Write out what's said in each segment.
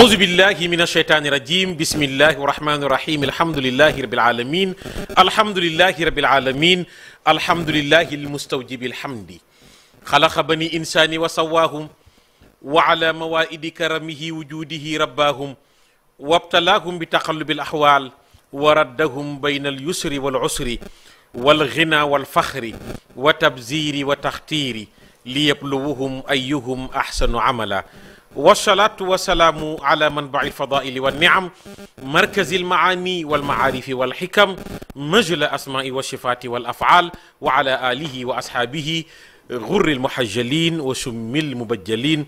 أعوذ بالله من الشيطان الرجيم بسم الله الرحمن الرحيم الحمد لله رب العالمين الحمد لله رب العالمين الحمد لله المستوجب الحمد خلق بني إنسان وسواهم وعلى موائد كرمه وجوده رباهم وابتلاهم بتقلب الأحوال وردهم بين اليسر والعسر والغنى والفخر وتبذير وتختير ليبلوهم أيهم أحسن عملا wasalaatu wasalaamu ala man bai lfadaili wanniam markazi almaani walmaarifi walxikam majla asmaai walsifati walafal wa ala alihi wa ashaabihi gurri almuhajjalin wa summi almubajjalin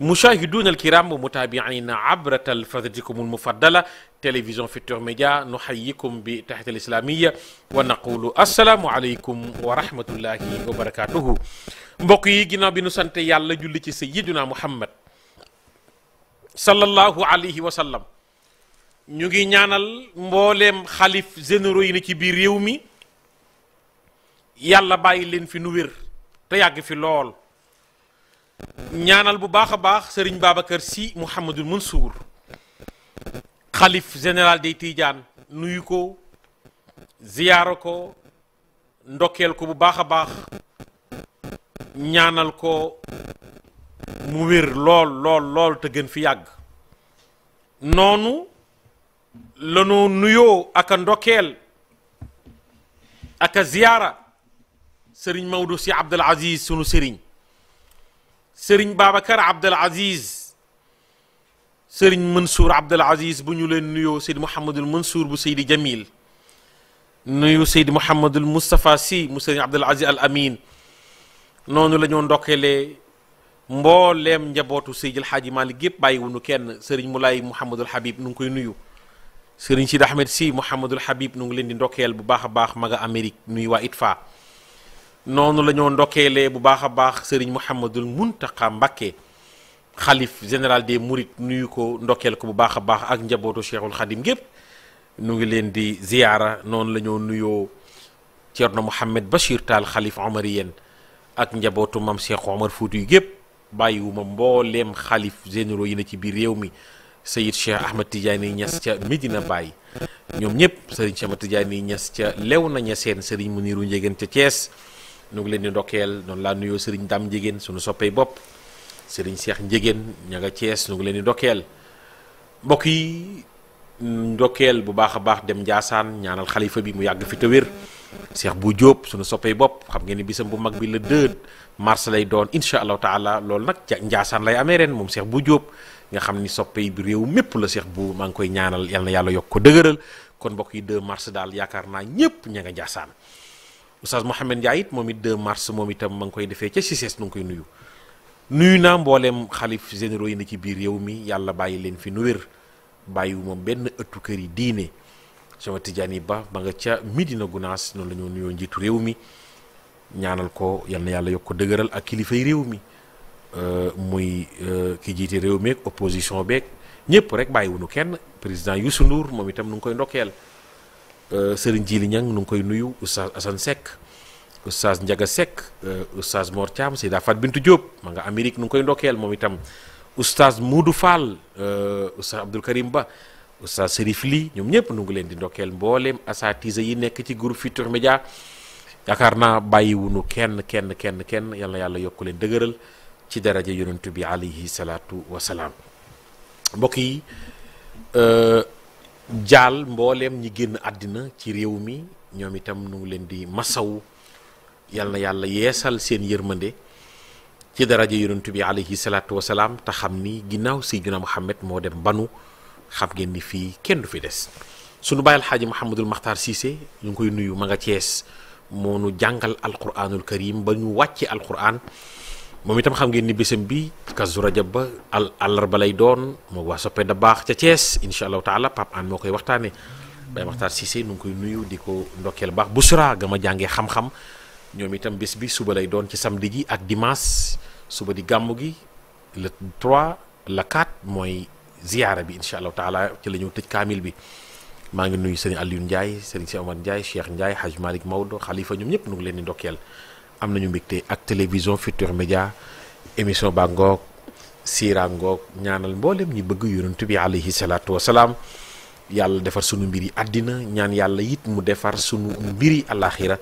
mushahiduna alkiram wa mutaabiina abrata alfadratikum almufaddala télévision futur média nuhayikum bi tahiyat alislamiya wa naqulu assalaamu aleykum wa rahmatullahi wa barakatuhu mbokk yi ginnaaw bi nu sant yàlla julli ci sayyiduna muhammad sallallahu alayhi wa sallam ñu ngi ñaanal mbooleem xalif généraux yi ne ci biir réew mi yàlla bàyyi leen fi nu wér te yàgg fi lool ñaanal bu baax a baax sëriñ baaba Babacar Sy Mouhamadul Mansour xalif général des tiijaan nuyu ko ziyaara ko ndokkeel ko bu baax a baax ñaanal ko mu wér lool lool lool te gën fi yàgg noonu lanoo nuyo ak a ndokkeel ak a ziyaara sëriñ Maodo si Abdul Aziz sunu sëriñ sëriñ Babacar Abdul Aziz sëriñ Mansour Abdul Aziz bu ñu leen nuyoo Seydi Mouhamadul Mansour bu Seydi Jamil nuyu Seydi Mouhamadul Moustapha si mu sëriñ Abdul Aziz Al Amin noonu lañoo ñoo mboolem njabootu Seydil Hadji Malick gépp bàyyiwunu kenn seriñ mu sëriñ Moulay Mouhamadul Habib nu ngi koy nuyu sëriñ Sidi Ahmed si Mouhamadul Habib nu ngi leen di ndokkeel bu baax a baax maga Amérique nuyu waa ITFA noonu la ñoo ndokkeelee bu baax a baax sëriñ Mouhamadul Muntaqa Mbakke xalif général des murit nuyu ko ndokkeel ko bu baax a baax ak njabootu Cheikhul Khadim gépp nu ngi leen di ziyaara noonu la ñoo nuyoo Thierno Mouhamed Bachir Tall xalif Omar ak njabootu mam Cheikh gépp bàyyiwuma mbooleem xalif généraux yi na ci biir réew mi Sayid Cheikh Ahmad ni ñas ca Medina Baye ñoom ñëpp Serigne Cheikh Ahmad Tidiane Niass ca Léona Niassène Serigne Mounirou Ndiéguène ca Thiès ñu ngi leen di ndokkeel noonu laa nuyoo Serigne Dame Ndiéguène suñu soppee bopp Serigne Cheikh Ndiéguène ña nga Thiès ñu ngi leen di ndokkeel mbokk yi ndokkeel bu baax a baax dem Ndiassane ñaanal xalifa bi mu yàgg fi te wér Cheikh bu Diop sunu soppee bopp xam ngeen ni bisam bu mag bi la dëd mars lay doon incha allahu taala loolu nag njaasaan lay amee ren moom seex bu Jóob nga xam ni soppe yi bi réew mépp la Cheikh bu maa ngi koy ñaanal yal na yàlla yokk ko dëgëral kon mbokk yi 2 mars daal yaakaar naa ñépp ña nga njaasaan Oustaz Mouhamed Ndiaye it moom it 2 mars moom itam ma nga koy defee ca Cissés nu ngi koy nuyu nuyu naa mbooleem xalif généraux yi na ci biir réew mi yàlla bàyyi leen fi nu wér bàyyiwu moom benn ëttu kër yi diine sama Tidiane yi ba ba nga ca Medina Gunaas noonu la ñoo nuyoo njiitu réew mi ñaanal ko yal na yàlla yokk ko dëgëral ak kilifay réew mi euh, muy euh, ki jiite réew meeg opposition beeg ñëpp rek bàyyiwunu kenn président Youssou Ndour moom itam nu ngi koy ndokkeel euh, Serigne Djili Niang nu ngi koy nuyu oustaz Assane Seck oustaz Ndiaga Seck oustaz Mor Thiam Seyda Fat Bintou Diop ma nga Amérique nu ngi koy ndokkeel moom itam oustaz Moudou Fall oustaz Abdoul Karim Ba oustaz Serif Ly ñoom ñëpp nu ngi leen di ndokkeel mbooleem asatise yi nekk ci groupe Futurs Médias yaakaar naa bàyyiwunu kenn kenn kenn kenn yal na yàlla yokk leen dëgëral ci daraja yonent bi alayhi salaatu wasalaam mbokk yi euh, jaal mbooleem ñi génn àddina ci réew mi ñoom itam nu ngi leen di masaw yal na yàlla yeesal seen yërmande ci daraja yonent bi alayhi salaatu te xam ni ginnaaw Seydina Muhammad moo dem banu xam ngeen ni fii kenn du fi des sunu bàyyil xaaji Mouhamadul Makhtar Cissé ñu ngi koy nuyu ma nga Cees moo nu jàngal alquranul karim ba ñu wàcce alquran moom itam xam ngeen ni bésam bi kazu rajab ba al ba lay doon moo waa soppe da baax ca Thiès incha allahu taala Pape moo koy waxtaanee bay waxtaan Cissé nu ngi koy nuyu di ko ndokkeel baax Bouchra ga ma jàngee xam-xam ñoom itam bis bi suba lay doon ci samedi ji ak dimaas suba di gàmmu gi le 3 le 4 mooy ziyaara bi incha allahu taala ci la ñu tëj kaamil bi. maa ngi nuyu sëriñ Aliou Ndiaye sëriñ Cheikh Omar Ndiaye Cheikh Ndiaye Hadj Malick Maodo xalifa ñoom ñëpp nu ngi leen di ndokkeel am na ñu mbégte ak télévision Futur Média émission ba ngoog siira ngoog ñaanal mboolem ñi bëgg yonent bi alayhi salaatu wasalaam yàlla defar sunu àddina ñaan yàlla it mu defar sunu mbiri alaxira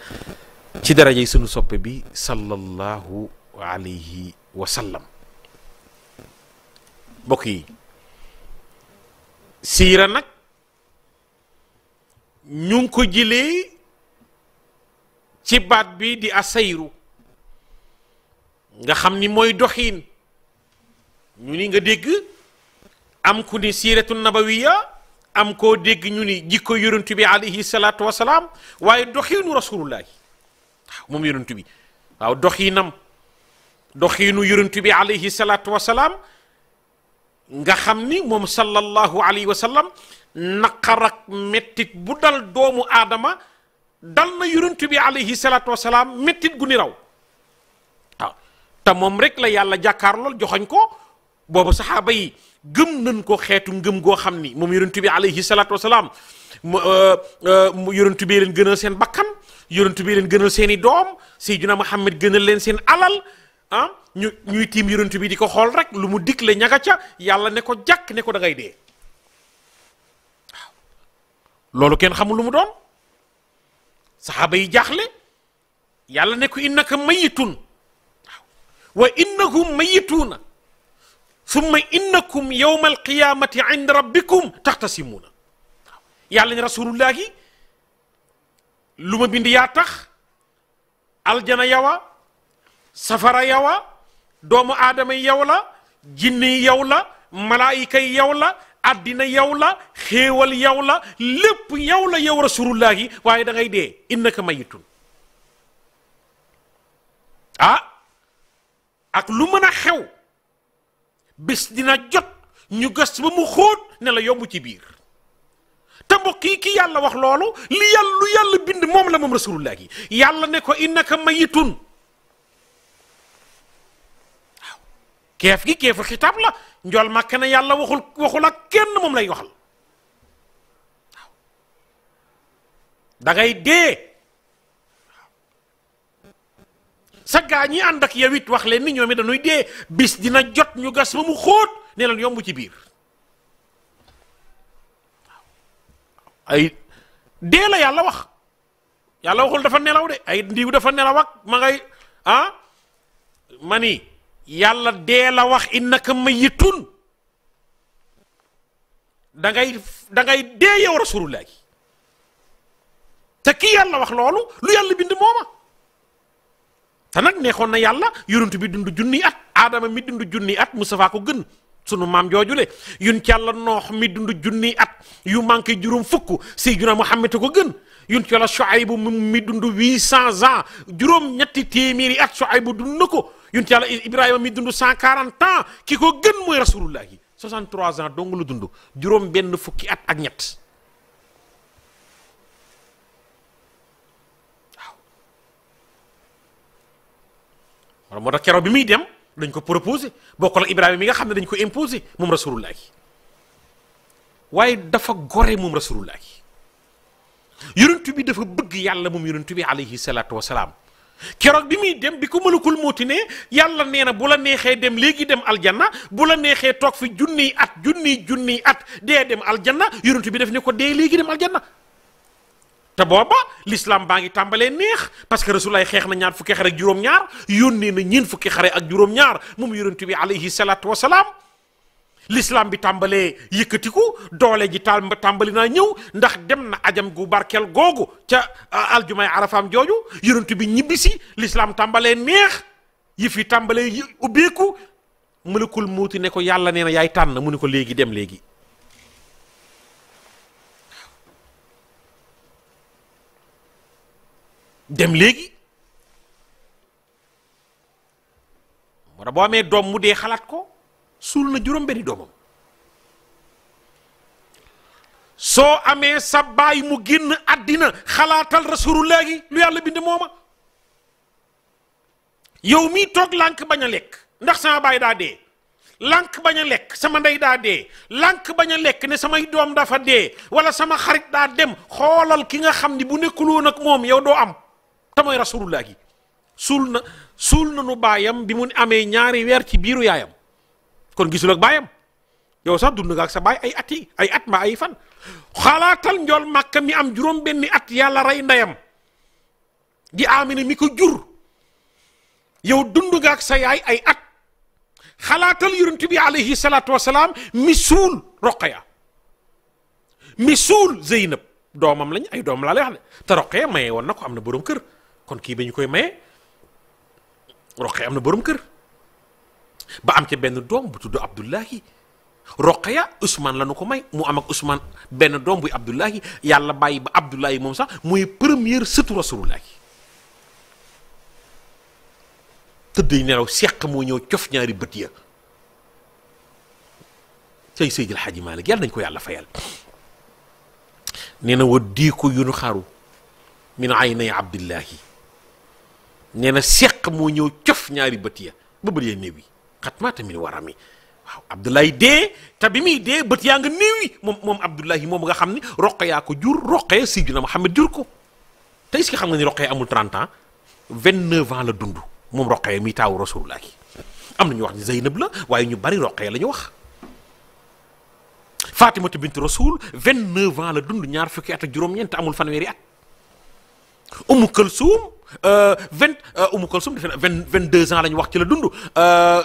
ci darajey sunu soppe bi sallallahu alayhi wa sallam yi siira nag ñu ngi ko jilee ci baat bi di asayru nga xam ni mooy doxiin ñu ni nga dégg am ku ni siiratu nabawiya am koo dégg ñu ni jikko yonentu bi alayhi salaatu wasalaam waaye doxiinu rasulullahi waaw moom yonentu bi waaw doxiinam doxiinu yonentu bi alayhi salaatu wasalaam nga xam ni moom sallallahu alayhi wa sallam naqar ak mettit bu dal doomu aadama dal na yonent bi alayhi salaatu salaam mettit gu ni raw waaw moom rek la yàlla jàkkaar lool joxoñ ko boobu saxaaba yi gëm nañ ko xeetu ngëm goo xam ni moom yonent bi alayhi salaatu wa salaam mu euh, euh, yonent bi leen gënal seen bakkan yonent bi leen gënal seen i doom Seydina Muhammad gënal leen seen alal. ah ñu ñuy tiim yonent bi di ko xool rek lu mu digle ñaga ca yàlla ne ko jàkk ne ko dangay ngay dee loolu kenn xamul lu mu doon saxaaba yi jaaxle yàlla ne ko innaka mayitun wa innahum mayituuna summa innakum yowma alqiyamati inda rabbikum taxtasimuuna waaw yàlla ne rasulullah gi lu ma bind yaa tax aljana yawa safara yow doomu aadama yow la jinne yow la malaayika yow la addina yow la xéewal yow la lépp yow la yow rasulullahi waaye dangay ngay dee innaka mayitun ah ak lu mën a xew bis dina jot ñu gas ba mu xóot ne la yomb ci biir te mbokk yi ki yàlla wax loolu li yàlla lu yàlla bind moom la moom rasulullah yi yàlla ne ko innaka mayitun keef gi keefu xitaab la njool màkk na yàlla waxul waxul ak kenn moom lay waxal dangay da dee sa gaa ñi ànd ak yow wax leen ni ñoom it dañuy dee bis dina jot ñu gas ba mu xóot ne yomb ci biir ay dee la yàlla wax yàlla waxul dafa nelaw de ay ndiw dafa nelaw ak ma ah mani yàlla dee la wax innaka mayitun da ngay da ngay dee yow rasulullah gi te kii yàlla wax loolu lu yàlla bind mooma te nag neexoon na yàlla yonent bi dund junni at aadama mi dund junni at Mustafa ko gën sunu maam joojule yun ci yàlla noox mi dund junni at yu manqué juróom fukk Seydina Muhammad ko gën yun ci yàlla Shuaybu mi dund huit cent ans juróom ñetti téeméeri at Shuaybu dund na ko yonent yàlla Ibrahima mi dund 140 ans ki ko gën mooy rasulullah yi 63 ans dong la dund juróom benn fukki at ak ñett waaw. moo tax keroog bi muy dem dañ ko proposé bokkul ak Ibrahima mi nga xam ne dañ ko imposé moom rasulullah yi waaye dafa gore moom rasulullah yi yonent bi dafa bëgg yàlla moom yonent bi alayhi salaatu wa salaam. keroog bi muy dem bi ko mëlakul mawti ne yàlla nee na bu la neexee dem léegi dem aljanna bu la neexee toog fi junniy at junni junniy at dee dem aljanna yonent bi def ne ko dee léegi dem aljanna te booba l'islam baa ngi tàmbalee neex parce que rasulaay xeex na ñaar fukki xare ak juróom-ñaar yónnee na ñeen fukki xare ak juróom-ñaar moom yonent bi alayhi salaatu wasalaam lislaam bi tàmbalee yëkkatiku doole ji taal tàmbali naa ñëw ndax dem na ajam gu barkeel googu ca aljumay arafaam jooju yonent bi ñibbisi lislaam tàmbalee neex yëf yi tàmbalee ubbeeku mëlakul muuti ne ko yàlla nee na yaay tànn mu ne ko léegi dem léegi dem léegi moo tax boo amee doom mu dee xalaat ko suul na juróom benni doomam soo amee sa baay mu génn àddina xalaatal rasulullah gi lu yàlla bind mooma yow mii toog lànk bañ a lekk ndax sama baay daa dee lànk bañ a lekk sama ndey daa dee lànk bañ a lekk ne samay doom dafa dee wala sama xarit daa dem xoolal ki nga xam ni bu nekkuloon ak moom yow doo am te mooy yi suul na suul na nu baayam bi mu amee ñaari weer ci biiru yaayam kon gisul ak baayam yow sax dund nga ak sa baay ay at yi ay at ma ay fan xalaatal njool màkka mi am juróom benni at yàlla rey ndeyam di amina mi ko jur yow dund nga ak sa yaay ay at xalaatal yonent bi alayhi salaatu wasalaam mi suul roqaya mi suul zeynab doomam lañ ay doom laa lay wax ne te roqaya maye woon na ko am na borom kër kon kii ba ñu koy maye roqaya am na borom kër ba am ca benn doom bu tudd Abdullahi Roqaya Ousmane la nu ko may mu am ak Ousmane benn doom buy Abdullahi yàlla bàyyi ba Abdullahi moom sax muy première sëtu Rasulullahi yu nelaw seq moo ñëw cof ñaari bët ya cay Seydil ko yàlla fayal nee na wa diiku yu nu xaru min aynay nee na seq moo ñëw cof ñaari bët ya ba bëree néew yi xatmaata min warami waaw Abdoulaye dee te bi muy dee bët yaa nga néew yi moom moom Abdoulaye moom nga xam ni roqe yaa ko jur roqe Sidina Mohamed jur ko te est-ce que xam nga ni roqe amul 30 ans 29 ans la dund moom roqe mi taawu rasulullah yi am na ñu wax ni Zeynab la waaye ñu bari roqe la ñu wax Fatimatu bint Rasul 29 ans la dund ñaar fukki at ak juróom-ñeent amul fanweeri at Umu Kalsuum Euh, vingt euh, Umu Kulsum defe na vingt vingt deux ans la ñu wax ci la dund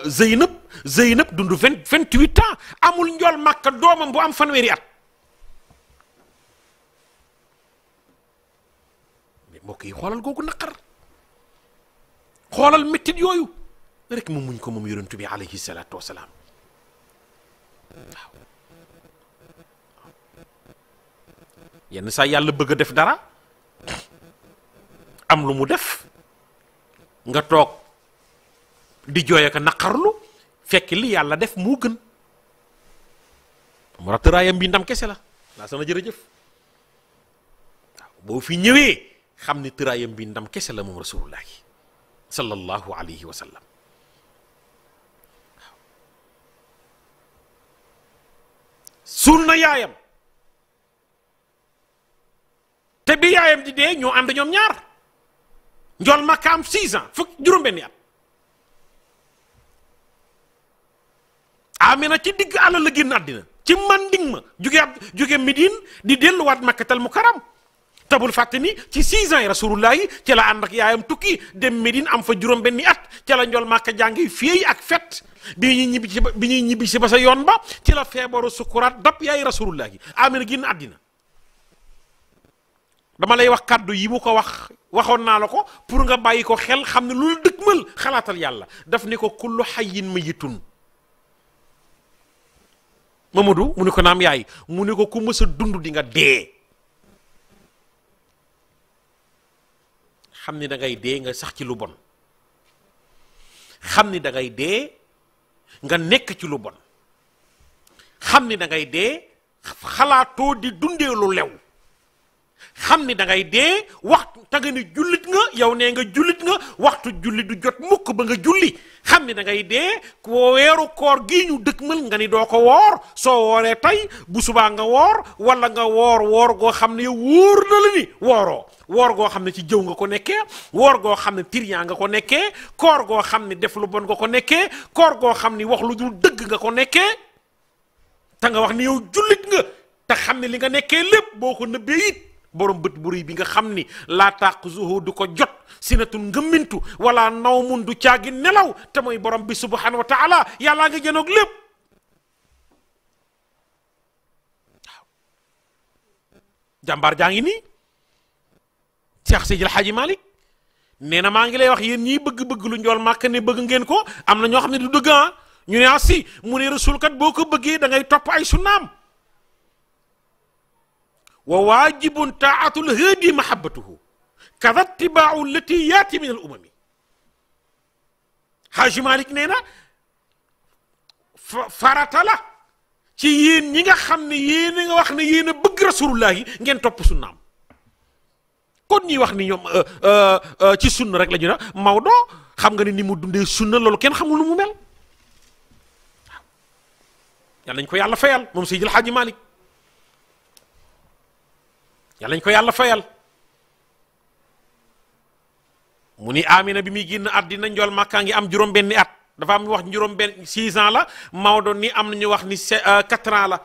Zeynab euh, Zeynab dund vingt vingt huit amul njool màkka doomam bu am fanweeri at mais mbokk yi xoolal googu naqar xoolal méttit yooyu rek mu muñ ko moom yonent bi alayhi salaatu wasalaam waaw yenn saa yàlla bëgg a def dara am lu mu def nga toog di jooy ak naqarlu fekk li yàlla def moo gën mu rattaraayam bi ndam kese la laa sana jërëjëf waaw boo fi ñëwee xam ni tëraayam bi ndam kese la moom rasulullahi sallallahu alayhi wa suul na yaayam te bi yaayam di dee ñoo ànd ñoom ñaar njool am six ans fukk juróom-benni at amina ci digg àll la génn àddina ci man manding ma jóge ab jóge midin di delluwaat makkatal mukarram tabul fàtte ni ci six ans yi rasulullah yi ci la ànd ak yaayam tukki dem medine am fa juróom benni at ci la njool màkka jàngi fii ak fet bi ñuy ñibbi ci bi ñuy ñibbi si ba sa yoon ba ci la feebaru sukuraat dab yaay rasulullah yi amina génn àddina dama lay wax kàddu yi mu ko wax waxoon naa la ko pour nga bàyyi ko xel xam ne loolu dëgmal xalaatal yàlla daf ne ko kullu xayin mayitun Mamadou mu ne ko naam yaay mu ne ko ku mës dund di nga dee xam ni dangay ngay dee nga sax ci lu bon xam ni da ngay nga nekk ci lu bon xam ni dangay ngay dee xalaatoo di dundee lu lew xam ni da ngay dee waxtu ta nga ni jullit nga yow nee nga jullit nga waxtu julli du jot mukk ba nga julli xam ni dangay ngay dee ko weeru koor gii ñu dëkkmal nga ni doo ko woor soo wooree tey bu subaa nga woor wala nga woor woor goo xam ne yow wóor na la ni wooroo woor goo xam ne ci jëw nga ko nekkee woor goo xam ne tiriyaa nga ko nekkee koor goo xam ne def lu bon nga ko nekkee koor goo xam ni wax lu dul dëgg nga ko nekkee te nga wax ni yow jullit nga te xam ne li nga nekkee lépp boo ko nëbbee borom bët bu bi nga xam ni laa taaxuzuhu du ko jot si sinatun ngëmmintu naw nawmun du caagi nelaw te mooy borom bi subhanahu wa taala yàllaa nga jënoog lépp jàmbaar jaa ngi nii Cheikh Seydil Hadji Malick nee na maa ngi lay wax yéen ñiy bëgg-bëgg lu njool màkk ne bëgg ngeen ko am na ñoo xam ne du dëgg ah ñu ne ah si mu ne rasul kat boo ko bëggee da ngay topp ay sunnaam wa waajibun taatul haadi mahabbatuhu kada tibaau lati yaati min al umami Haaji Malik nee na farata ci yéen ñi nga xam ne yéen a nga wax ne yéen a bëgg rasulullahi ngeen topp sunnaam kon ñuy wax ni ñoom euh, euh, euh, ci sunna rek la ñu ne Maodo xam nga ne ni mu dundee sunna loolu kenn xamul lu mu mel waaw yal nañ ko yàlla fayal moom Seydil Haaji Malik yàlla lañ ko yàlla fayal mu ni amina bi muy génn àddina njool makkaa ngi am juróom-benni at dafa am ñu wax juróom-benn six ans la Maodo nii am na ñu wax ni euh, quatre ans la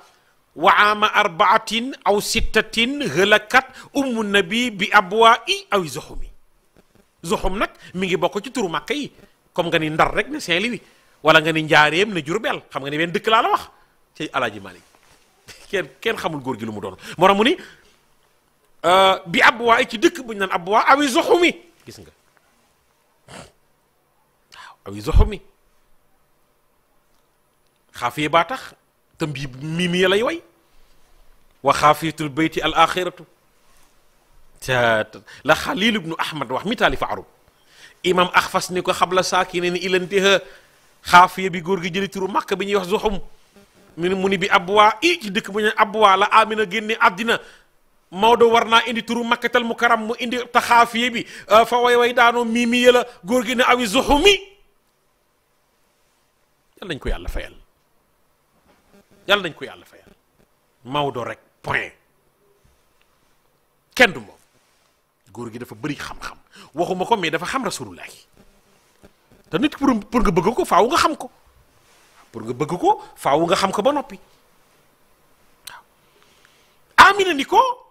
wa ama arbaatin aw sittatin hëlakat ummu nabi bi abwa i aw zoxumi zoxum nag mu ngi bokk ci turu màkka yi comme nga ni ndar rek ne Saint-Louis wala nga ni njaareem ne Jurbel xam nga ni benn dëkk laa la wax ci alaaji Malik kenn kenn xamul góor gi lu mu doon moo tax mu ni Euh, bi abwaa yi ci dëkk bu ñu naan abwaa awi zoxumi gis nga waaw awi zoxumi xaafiyee baa tax te mbii miimi ya lay way wa xaafiyatul bayti al axiratu la xalil ibnu ahmad wax mi taalifa arub imam axfas ni ko xabla saaki ne ni ilantiha xaafiya bi góor gi jëli turu màkk bi ñuy wax zoxum mu ni bi abwaa i ci dëkk bu ñu naan abwaa la amina génne àddina Maodo war naa indi turu makkatal mu karam mu indi taxaafiye bi euh, fa way way daanoo mii mi yëla góor gi ne awi zuxu mi nañ ko yàlla fayal yal nañ ko yàlla fayal Maodo rek point kenn du moom góor gi dafa bëri xam-xam waxuma ko mais dafa xam rasulullah te nit pour pour nga bëgg ko faaw nga xam ko pour nga bëgg ko faaw nga xam ko ba noppi amina ni ko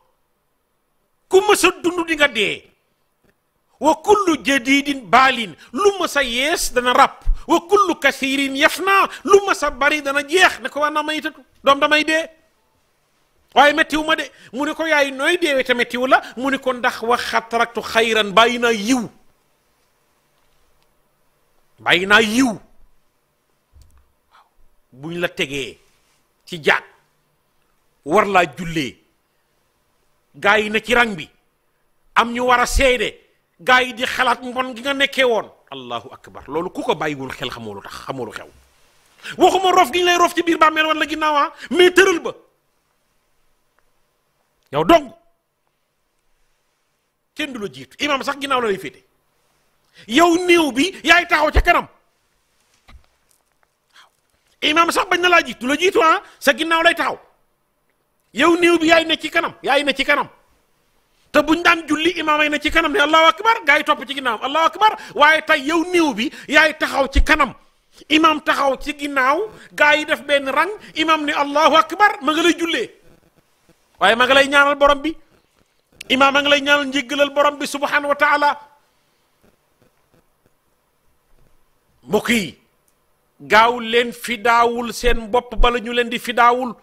ku mës a dund di nga dee wa kullu jadidin baalin lu mës a yees dana ràpp wa kullu kathirin yaf naa lu mës bari dana jeex ne ko war naa may tëtu doom damay dee waaye méttiwu de mu ne ko yaay nooy deewee te méttiwu la mu ne ko ndax wax xataraktu xayran bàyyi naa yiw bàyyi naa yiw buñ la tegee ci jaat war laa jullee gaa yi ne ci ran bi am ñu war a seede gaa yi di xalaat mbon gi nga nekkee woon allahu akbar loolu ku ko bàyyiwul xel xamoo lu tax xamoo lu xew waxuma roof gi ñu lay roof ci biir bàmmeel wala ginnaawaa ah, mais tëral ba yow dong kenn du la jiit imaam sax ginnaaw la lay féete yow néew bi yaay taxaw ca kanam waaw imaam sax bañ na laa jiitu la jiitu ah sa ginnaaw lay taxaw. yow néew bi yaay ne ci kanam yaay ne ci kanam te buñ daan julli imaam ay ne ci kanam ne allahu akbar gaa topp ci ginnaawam allahu akbar waaye tey yow néew bi yaay taxaw ci kanam imaam taxaw ci ginnaaw gaa yi def benn rang imaam ne allahu akbar ma nga lay jullee waaye ma nga ñaanal borom bi imaam ma lay ñaanal njéggalal borom bi subhanahu wa taala mbokk yi gaaw leen fidaawul seen bopp bala ñu leen di fidaawul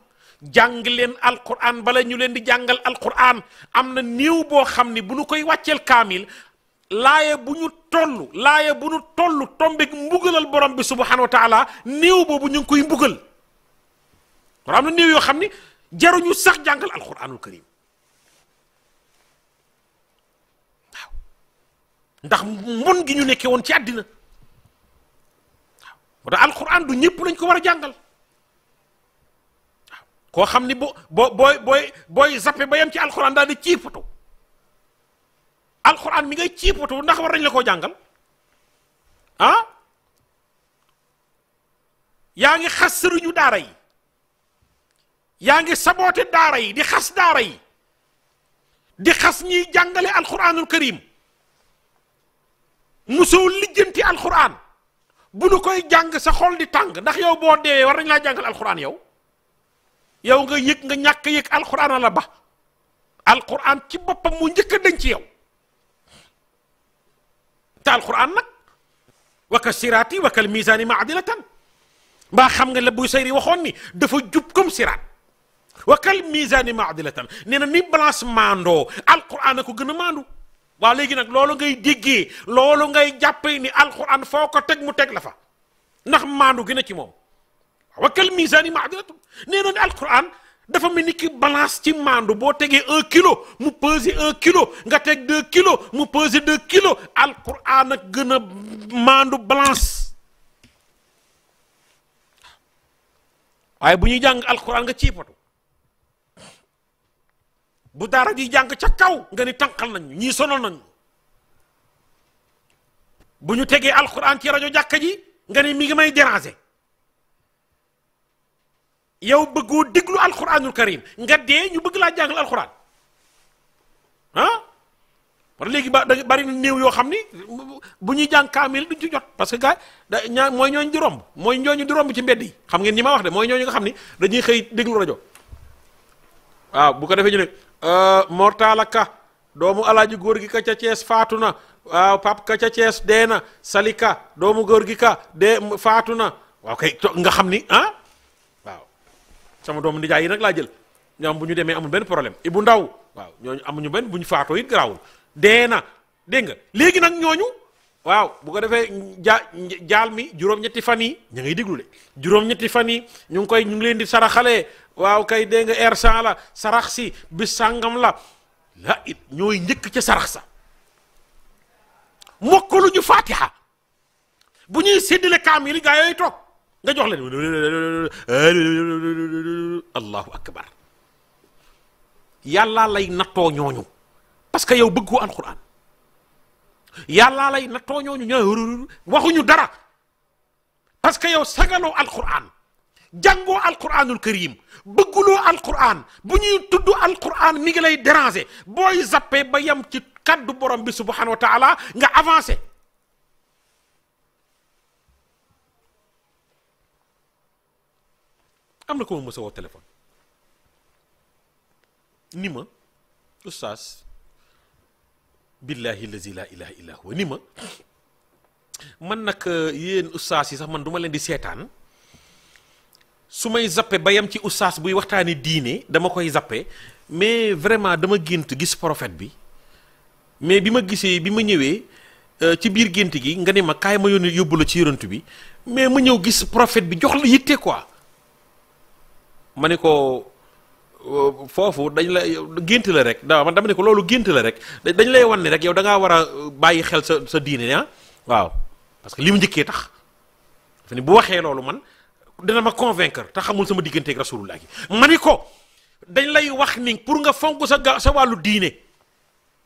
jàng leen alquran bala ñu leen di jàngal alquran am na néew boo xam ni bu ñu koy wàcceel kaamil laaya bu ñu toll laaya bu ñu toll tombeg mbugalal borom bi subhanahu wa taala néew boobu ñu ngi koy mbugal war am na néew yoo xam ni jaruñu sax jàngal alquranul karim waaw ndax mbon gi ñu nekkee woon ci àddina waaw moo tax du ñëpp lañ ko war a jàngal koo xam ni bu boo booy booy booy zappe ba yem ci alxuraan daal di ciipatu alxuraan mi ngay ciipatu ndax war dañ la koo jàngal ah yaa ngi xas sëriñu daara yi yaa ngi saboote daara yi di xas daara yi di xas ñiy jàngale alxuraanul karim musoo lijjanti alxuraan bu nu koy jàng sa xol di tàng ndax yow boo deewee war nañ laa jàngal alxuraan yow yow nga yëg nga ñàkk yëg alquran la ba alquran ci boppam mu njëkk a denc yow te alquran nag waka siraat yi wakal misaani ma adilatan mbaa xam nga la buy sayri waxoon ni dafa jub comme siraat wakal misaani ma adilatan nee na ni balance maandoo alquran a ko gën a maandu waaw léegi nag loolu ngay déggee loolu ngay jàppee ni alquran foo ko teg mu teg la fa ndax maandu gi ci moom wakkal misaani maadilatu nee na ne alquran dafa mel ni ki balance ci maandu boo tegee un kilo mu peser un kilo nga teg deux kilos mu peser deux kilo alquran ak gën maandu balance waaye bu ñuy jàng alquran nga ciipatu bu daara di jàng ca kaw nga ni tànqal nañu ñii sonal nañu bu ñu tegee alquran ci rajo jàkka ji nga ni mi ngi may déranger yow bëggoo déglu alquranul karim nga dee ñu bëgg laa jàngal alquran ah war léegi ba bari na néew yoo xam ni bu ñuy jàng kaamil duñ ci jot parce que gars mooy ñooñu di romb mooy ñooñu di romb ci mbedd yi xam ngeen ñi ma wax de mooy ñooñu nga xam ni dañuy xëy déglu rajo waaw bu ko defee ñu ne euh, mortala ka doomu alaaji góor gi ka ca Cees faatu na waaw pap ka ca Cees dee na salika doomu góor gi ka dee faatu na waaw kay nga xam ni ah sama doomu nijaay yi rek laa jël ñoom bu ñu demee amul benn problème Ibou Ndaw waaw ñooñu amuñu benn bu ñu faatoo it garaawul dee na dégg nga léegi nag ñooñu waaw bu ko defee ja jaal mi juróom-ñetti fan yi ñu ngi déglu de fan yi ñu ngi koy ñu ngi leen di saraxale waaw kay dégg nga air san la sarax si bis sàngam la la it ñooy njëkk ca sarax sa mokkaluñu fatiha bu ñuy séddale kaam yi li gaa yooyu toog nga jox leen allahu akbar yàllaa lay nattoo ñooñu parce que yow bëggoo alquran yàllaa lay nattoo ñooñu ñoo waxuñu dara parce que yow sagaloo alquran jàngoo alquranul karim bëgguloo alquran bu ñuy tudd alquran mi ngi lay déranger booy zappé ba yem ci kaddu borom bi subhanahu wa taala nga avancé am na ko ma mës a téléphone ni ma oustaz billahi lazi la ilaha illa huwa ni ma man nag euh, yéen oustaz yi sax man duma leen di seetaan su may zappe ba yam ci oustaz buy waxtaani diine dama koy zappe mais vraiment dama gént gis prophète bi mais bi ma gisee bi ma ñëwee euh, ci biir gént gi nga ne ma kaay ma yónni yóbbu la ci yonent bi mais ma ñëw gis prophète bi jox la yitte quoi ma ni ko euh, foofu dañ la gént la rek da man dama ne ko loolu gént la rek dañ lay wan ni rek yow da ngaa war a euh, bàyyi xel sa sa diine ah waaw parce que li mu njëkkee tax dafa ni bu waxee loolu man dina ma convaincre te xamul sama digganteeg rasulullah gi ma ni ko dañ lay wax ni pour nga fonk sa ga sa wàllu diine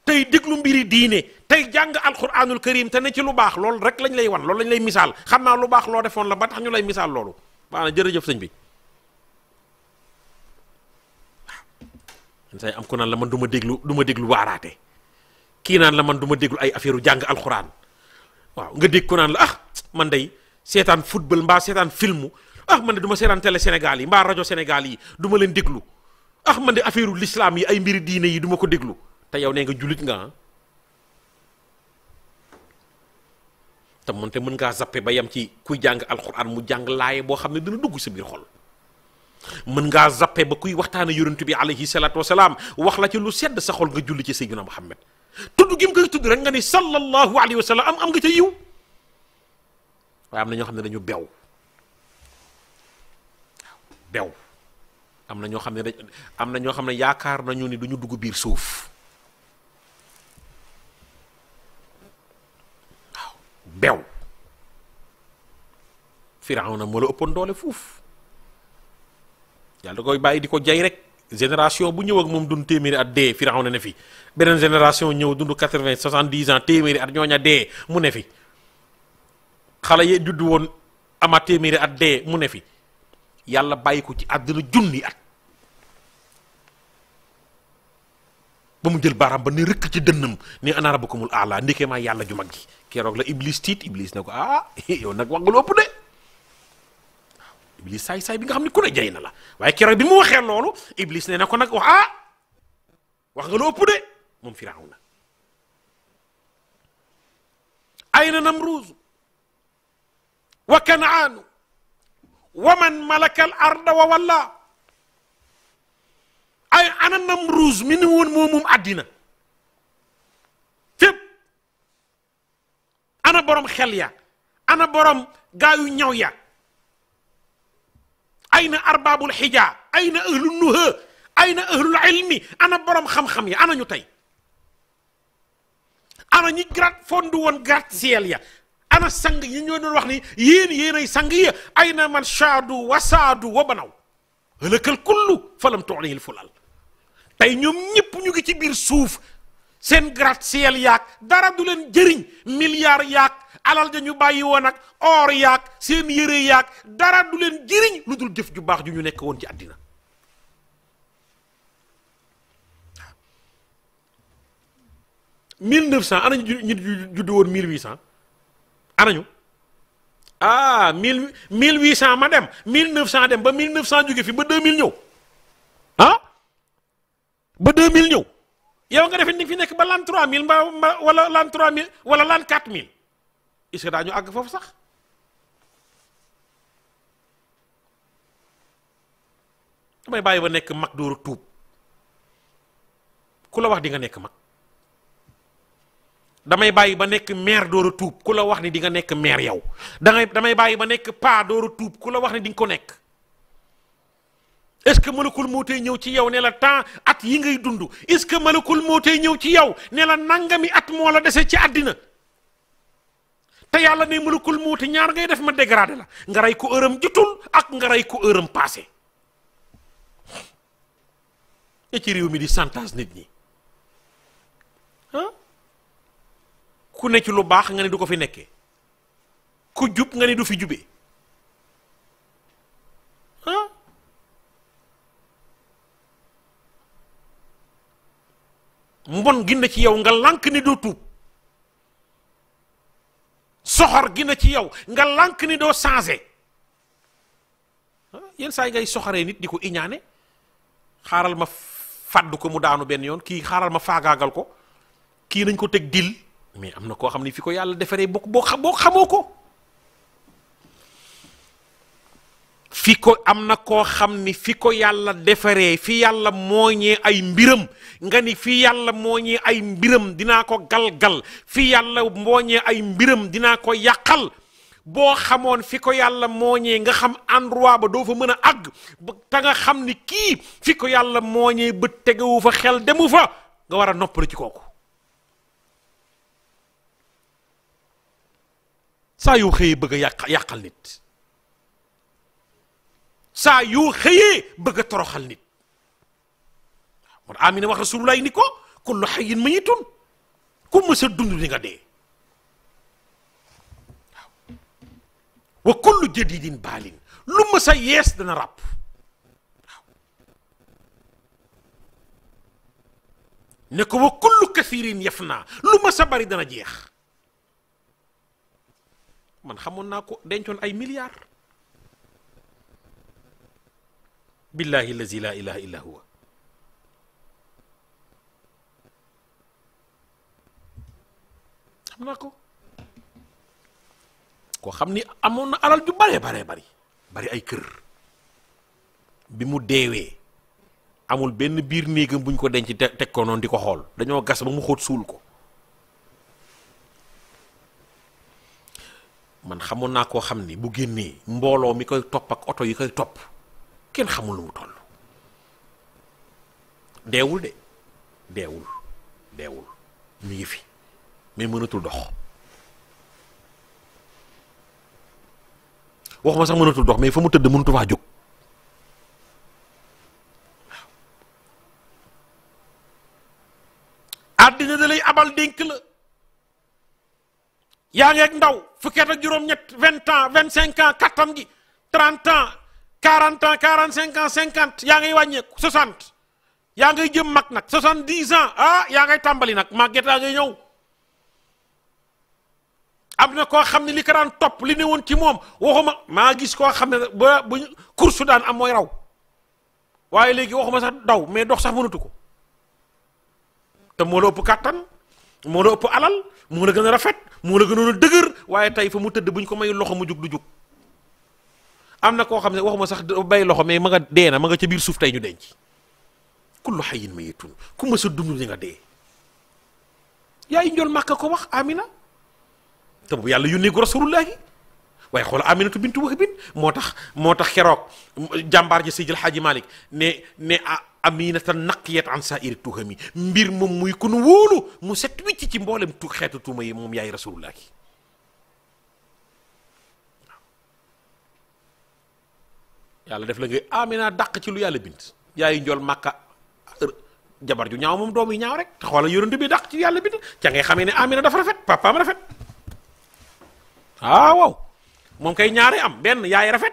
tey déglu mbiri diine tey jàng alquranul karim te ne ci lu baax loolu rek lañ lay wan loolu lañ lay misaal xam naa lu baax loo defoon la ba tax ñu lay misaal loolu jërëjëf sëñ bi say am ko naan la man duma déglu du ma déglu waaraate kii naan la man duma déglu ay affaire jàng alxuraan waaw nga dégg ko naan la ah man day seetaan football mbaa seetaan filmu ah man de du ma seetaan télé Sénégal yi mbaa rajo Sénégal yi duma leen déglu ah man de affaire l'islam yi ay mbiri diine yi duma ko déglu te yow nee nga jullit nga ah. te moonte mën ngaa zappe ba yam ci kuy jàng alxuraan mu jàng laaye boo xam ne duna dugg sa biir xol mën ngaa zappe ba kuy waxtaana yonent bi alayhi salaatu wasalaam wax la ci lu sedd sa xol nga julli ci sayyidina Muhammad tudd gi mu koy tudd rek nga ni sallallahu alayhi wa sallam am am nga ca yiw na ñoo xam ne dañu bew waaw bew am na ñoo xam ne dañ am na ñoo xam ne yaakaar nañu ni duñu dugg biir suuf waaw bew firawna moo la ëppoon doole fuuf yàlla da koy bàyyi di ko jay rek génération bu ñëw ak moom dund téeméeri at dee firaw na ne fi beneen génération ñëw dund quatre-vingt soixante-dix ans téeméeri at ñooña dee mu ne fi xale yee judd woon ama téeméeri at dee mu ne fi yàlla bàyyi ko ci àddina junni at ba mu jël baaraam ba ne rëkk ci dënnam ne ana rabbukumul aala ndeke maa yàlla ju mag ji keroog la iblis tiit iblis ne ko ah yow nag wax nga lu ëpp de iblis saay saay bi nga xam ne ku ne jay na la waaye keroog bi mu waxee loolu iblis nee na ko nag wax ah wax nga lu ëpp de moom firawna ayna namruuzu wa kanaanu wa man malaka al arda wa walla ay ana namruuz mi ni woon moom moom àddina fépp ana borom xel ya ana borom gaayu ñaw ya ayna arbaabul xija ayna ahlu nuha ayna ahlul ilmi ana borom xam-xam ya ana ñu tey ana ñi grat fondu woon grat ciel ya ana sang yi ñoo doon wax ni yéen yi sang ya ayna man shaadu wasaadu wa banaw ëlëkal kullu falam tuxnihil fulal tey ñoom ñëpp ñu ngi ci biir suuf seen gratte ciel yaag dara du leen jëriñ milliards yaag alal ja ñu bàyyi woon ak or yaag seen yëre yaag dara du leen jëriñ lu dul jëf ju baax ju ñu nekk woon ci àddina mille neuf cent ana ñu juddu woon mille huit cent ana ñu ah mille mille huit cent ma dem mille neuf cent dem ba mille neuf cent jóge fi ba deux mille ñëw ah ba deux mille ñëw yow nga defe ni fi nekk ba l'an trois mille mbaa wala l'an trois mille wala l'an quatre mille est-ce que daañu àgg foofu sax damay bàyyi ba nekk mag dóor ku la wax di nga nekk mag damay bàyyi ba nekk maire door a tuub ku la wax ni di nga nekk maire yow dangay damay bàyyi ba nekk paa door ku la wax ni di nga ko nekk est-ce que malakul moo tey ñëw ci yow ne la temps at yi ngay dund est-ce que malakul moo tey ñëw ci yow ne la nangami at moo la dese ci àddina te yàlla na ne mulukul muuti ñaar ngay def ma dégradé la nga rey ko ërëm jutul ak nga rey ko ërëm passé ña ci réew mi di santage nit ñi ah ku ne ci lu baax nga ne du ko fi nekkee ku jub nga ne du fi jubee ah mbon gi na ci yow nga lànk ni du tuub soxor gi na ci yow nga lànk ni doo changé ah, yenn saa yi ngay soxoree nit di ko iñaane xaaral ma fàdd ko mu daanu benn yoon kii xaaral ma faagaagal ko kii nañ ko teg dil mais am na koo xam ne fi ko yàlla defaree boo boo xamoo ko fi ko am na koo xam ni fi ko yàlla defaree fi yàlla mooñee ay mbiram nga ni fi yàlla mooñee ay mbiram dinaa ko galgal fi yàlla mooñee ay mbiram dinaa ko yàqal boo xamoon fi ko yàlla mooñee nga xam endroit ba doo fa mën a àgg ba nga xam ni kii fi ko yàlla mooñee ba tegewu fa xel demu fa nga war a noppale ci kooku saa yoo xëyee bëgg a yàq yàqal nit saa yoo xëyee bëgg a toroxal nit waaw Amina wax rasulullah ni ko kullu hayyin mayitun ku mës a dund di nga dee waaw wa kullu jadidin baalin lu mës a yees dana ràpp ne ko wa kullu kathirin yafna lu mës a bari dana jeex man xamoon naa ko dencoon ay milliards. billahi lazi laa ilaha huwa xam naa ko ko xam ni amoon na alal ju bare bare bari bari ay kër bi mu deewee amul benn biir néegam buñ ko denc te teg ko noonu di ko xool dañoo gas ba mu xóot suul ko man xamoon naa koo xam ni bu génnee mbooloo mi koy topp ak oto yi koy topp kenn xamul lu mu toll deewul de deewul deewul mu ngi fi mais mënatul dox wax waxuma sax mënatul dox mais fa mu tëdd mënatu faa jóg àddina da lay abal dénk la yaa ngeeg ndaw fukkeet ak juróom-ñett vingt ans vingt cinq ans kattam gi trente ans 40 ans 45 ans 50 yaa ngay wàññeeku 60 yaa ngay jëm mag nag 70 ans ah yaa ngay tàmbali nag màgget yaa ngay ñëw am na koo xam ne li ko daan topp li ne woon ci moom waxuma maa gis koo xam ne ba daan am mooy raw waaye léegi waxuma sax daw mais dox sax ko te moo kàttan moo alal moo la gën a rafet moo la gënoon a dëgër waaye tey fa mu tëdd bu ñu ko may loxo mu jug du jug am na koo xam ne waxuma sax bay loxo mais ma nga dee na ma nga ca biir suuf tey ñu denc kullu xayin mayitun ku ma sa dund di nga dee yaay njool màkka ko wax amina te bu yàlla yónnee ko rasulullahi waaye xool aminatu bintu wax bin moo tax moo tax keroog jàmbaar ji Seydil Hadji Malick ne ne aminata naqiyat an sairi tuhami mbir moom muy kun wóolu mu set wicc ci mboolem tu xeetu tuuma yi moom yaay rasulullahi yàlla def la ngay amina dàq ci lu yàlla bind yaayu njool màkka er, jabar ju ñaaw moom doom yi ñaaw rek te xoolal yonent bi dàq ci yàlla bind ca ngay xamee ne amina dafa rafet papaam rafet ah waaw moom kay ñaare am benn yaay rafet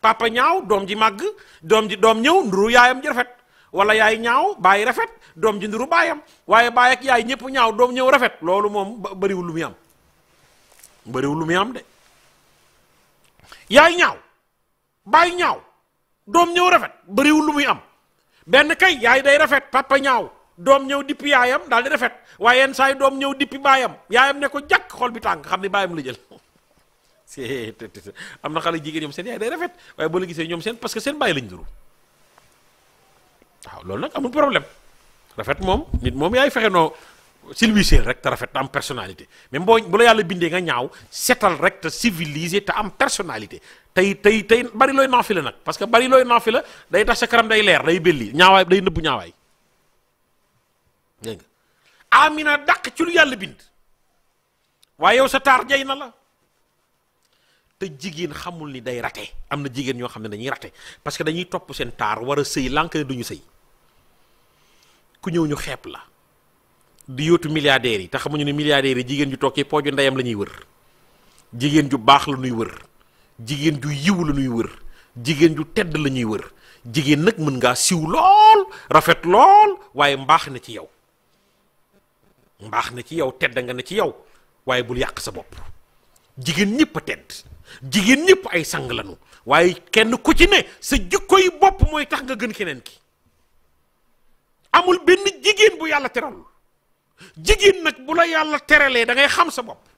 papa ñaaw doom ji màgg doom ji doom ñëw nduru yaayam ji rafet wala yaay ñaaw baay rafet doom ji nduru baayam waaye baay ak yaay ñëpp ñaaw doom ñëw rafet loolu moom bariwul lu muy am bariwul lu muy am de yaay ñaaw bàyyi ñaaw doom ñëw rafet bëriwul lu muy am benn kay yaay day rafet papa ñaaw doom ñëw dippi yaayam daal di rafet waaye yenn saa yi doom ñëw dippi baayam yaayam ne ko jàkk xool bi tàng xam ne baayam la jël am na xale jigéen ñoom seen yaay day rafet waaye boo la gisee ñoom seen parce que seen baay lañ duru waaw loolu nag amul problème rafet moom nit moom yaay fexe noo civilisé rek te rafet te am personnalité même boo bu la yàlla bindee nga ñaaw setal rek te civilisé te am personnalité tey tey tey bari looy naafila nag parce que bari looy la day tax sa karam day leer day belli ñaawaay day nëbbu ñaawaay dégg nga amina dàq ci lu yàlla bind waaye yow sa taar jay na la te jigéen xamul ni day rate am na jigéen ñoo xam ne dañuy rate parce que dañuy topp seen taar war a sëy lànk ne duñu sëy ku ñëw ñu xeeb la di yóotu milliardaires yi te xamuñu ne milliardaires yi jigéen ju toog ci pooju ndeyam la ñuy wër jigéen ju baax la ñuy wër jigéen ju yiw la wër jigéen ju tedd la ñuy wër jigéen nag mën ngaa siw lool rafet lool waaye mbaax na ci yow mbaax na ci yow tedd nga na ci yow waaye bul yàq sa bopp jigéen ñépp a tedd jigéen ñépp ay sang lañu waaye kenn ku ci ne sa jikko yi bopp mooy tax nga gën keneen ki amul benn jigéen bu yàlla teral jigéen nag bu la yàlla teralee da ngay xam sa bopp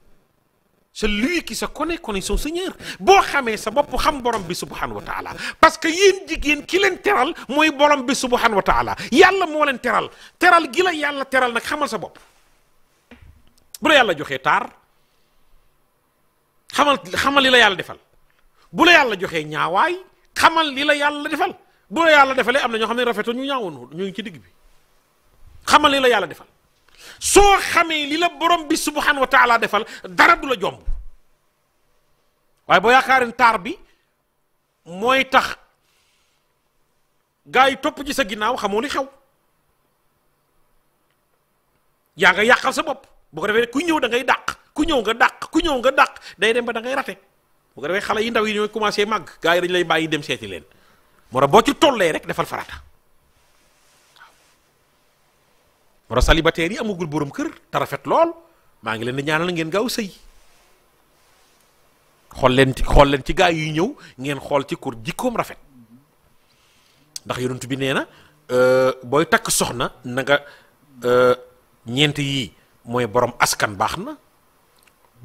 sa celui qui se connaît connaît son seigneur boo xamee sa bopp xam borom bi subhanahu wa taala parce que yéen jigéen ki leen teral mooy borom bi subhanahu wa taala yàlla moo leen teral teral gi la yàlla teral nag xamal sa bopp bu la yàlla joxee taar xamal xamal li la yàlla defal bu la yàlla joxee ñaawaay xamal li la yàlla defal bu la yàlla defalee am na ñoo xam ne rafetoo ñu ñaawoon ñu ci digg bi xamal li la yàlla defal soo xamee li la borom bi subhanahu wa taala defal dara du la jomb waaye boo yaakaarin taar bi mooy tax gaa yi topp ci sa ginnaaw xamoo li xew yaa nga yàqal sa bopp bu ko defee ku ñëw da ngay dàq ku ñëw nga dàq ku ñëw nga dàq day dem ba dangay ngay rate bu ko defee xale yi ndaw yi ñooy commencé màgg gaa yi dañ lay bàyyi dem seeti leen moo boo ci tollee rek defal farata moro célibataire yi amagul borom kër te rafet lool maa ngi leen di ñaanal ngeen gaaw sëy xool leen ci xool leen ci gaa yuy ñëw ngeen xool ci kur jikkoom rafet ndax yonent bi nee na euh, booy takk soxna na euh, ñeent yii mooy borom askan baax na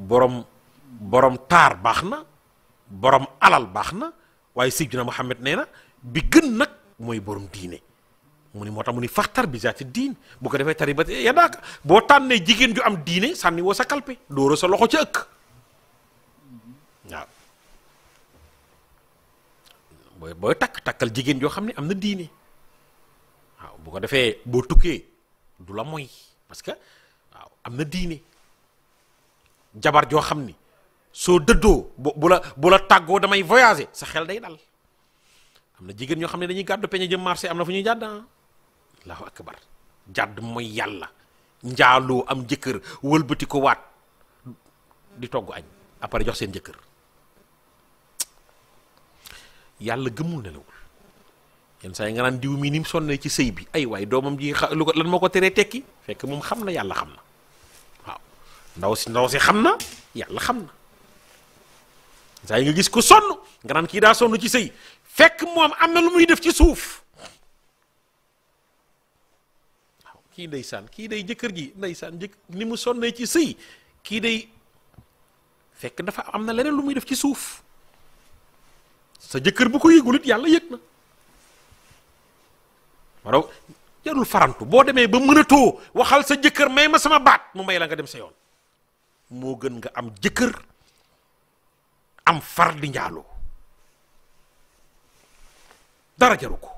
borom borom taar baax na borom alal baax na waaye Seydina Muhammad nee na bi gën nag mooy borom diine mu ni moo tax mu ni faxtar bi zaati diin bu ko defee tari ba yadaaka boo tànnee jigéen ju am diine sànni woo sa kalpe dóora sa loxo ca ëkk waaw booy booy takk takkal jigéen joo xam ne am na diine waaw bu ko defee boo tukkee du la moy parce que waaw na diine jabar joo xam ni soo dëddoo bu la bu la tàggoo damay voyage sa xel day dal am na jigéen ñoo xam ne dañuy gàddu peñe jëm marché am na fu ñuy jàdd ah. allahu akbar jàdd mooy yàlla njaaloo am jëkkër wëlbati ko waat di togg añ après jox seen jëkkër yàlla gëmul nelawul yenn saa yi nga naan diw mii ni sonnee ci sëy bi ay waaye doomam ji lu ko lan moo ko teree tekki fekk moom xam na yàlla xam na waaw ndaw si ndaw si xam na yàlla xam na saa yi nga gis ko sonn nga naan kii daa sonn ci sëy fekk moom am na lu muy def ci suuf kii ndeysaan kii dey jëkkër ji ndeysaan jëkk ni mu sonnee ci sëy kii day fekk dafa am na leneen lu muy def ci suuf sa jëkkër bu ko yëgul it yàlla yëg na maanaam jarul farantu boo demee ba mënatoo waxal sa jëkkër may ma sama baat mu may la nga dem sa yoon moo gën nga am jëkkër am far di njaaloo dara jaru ko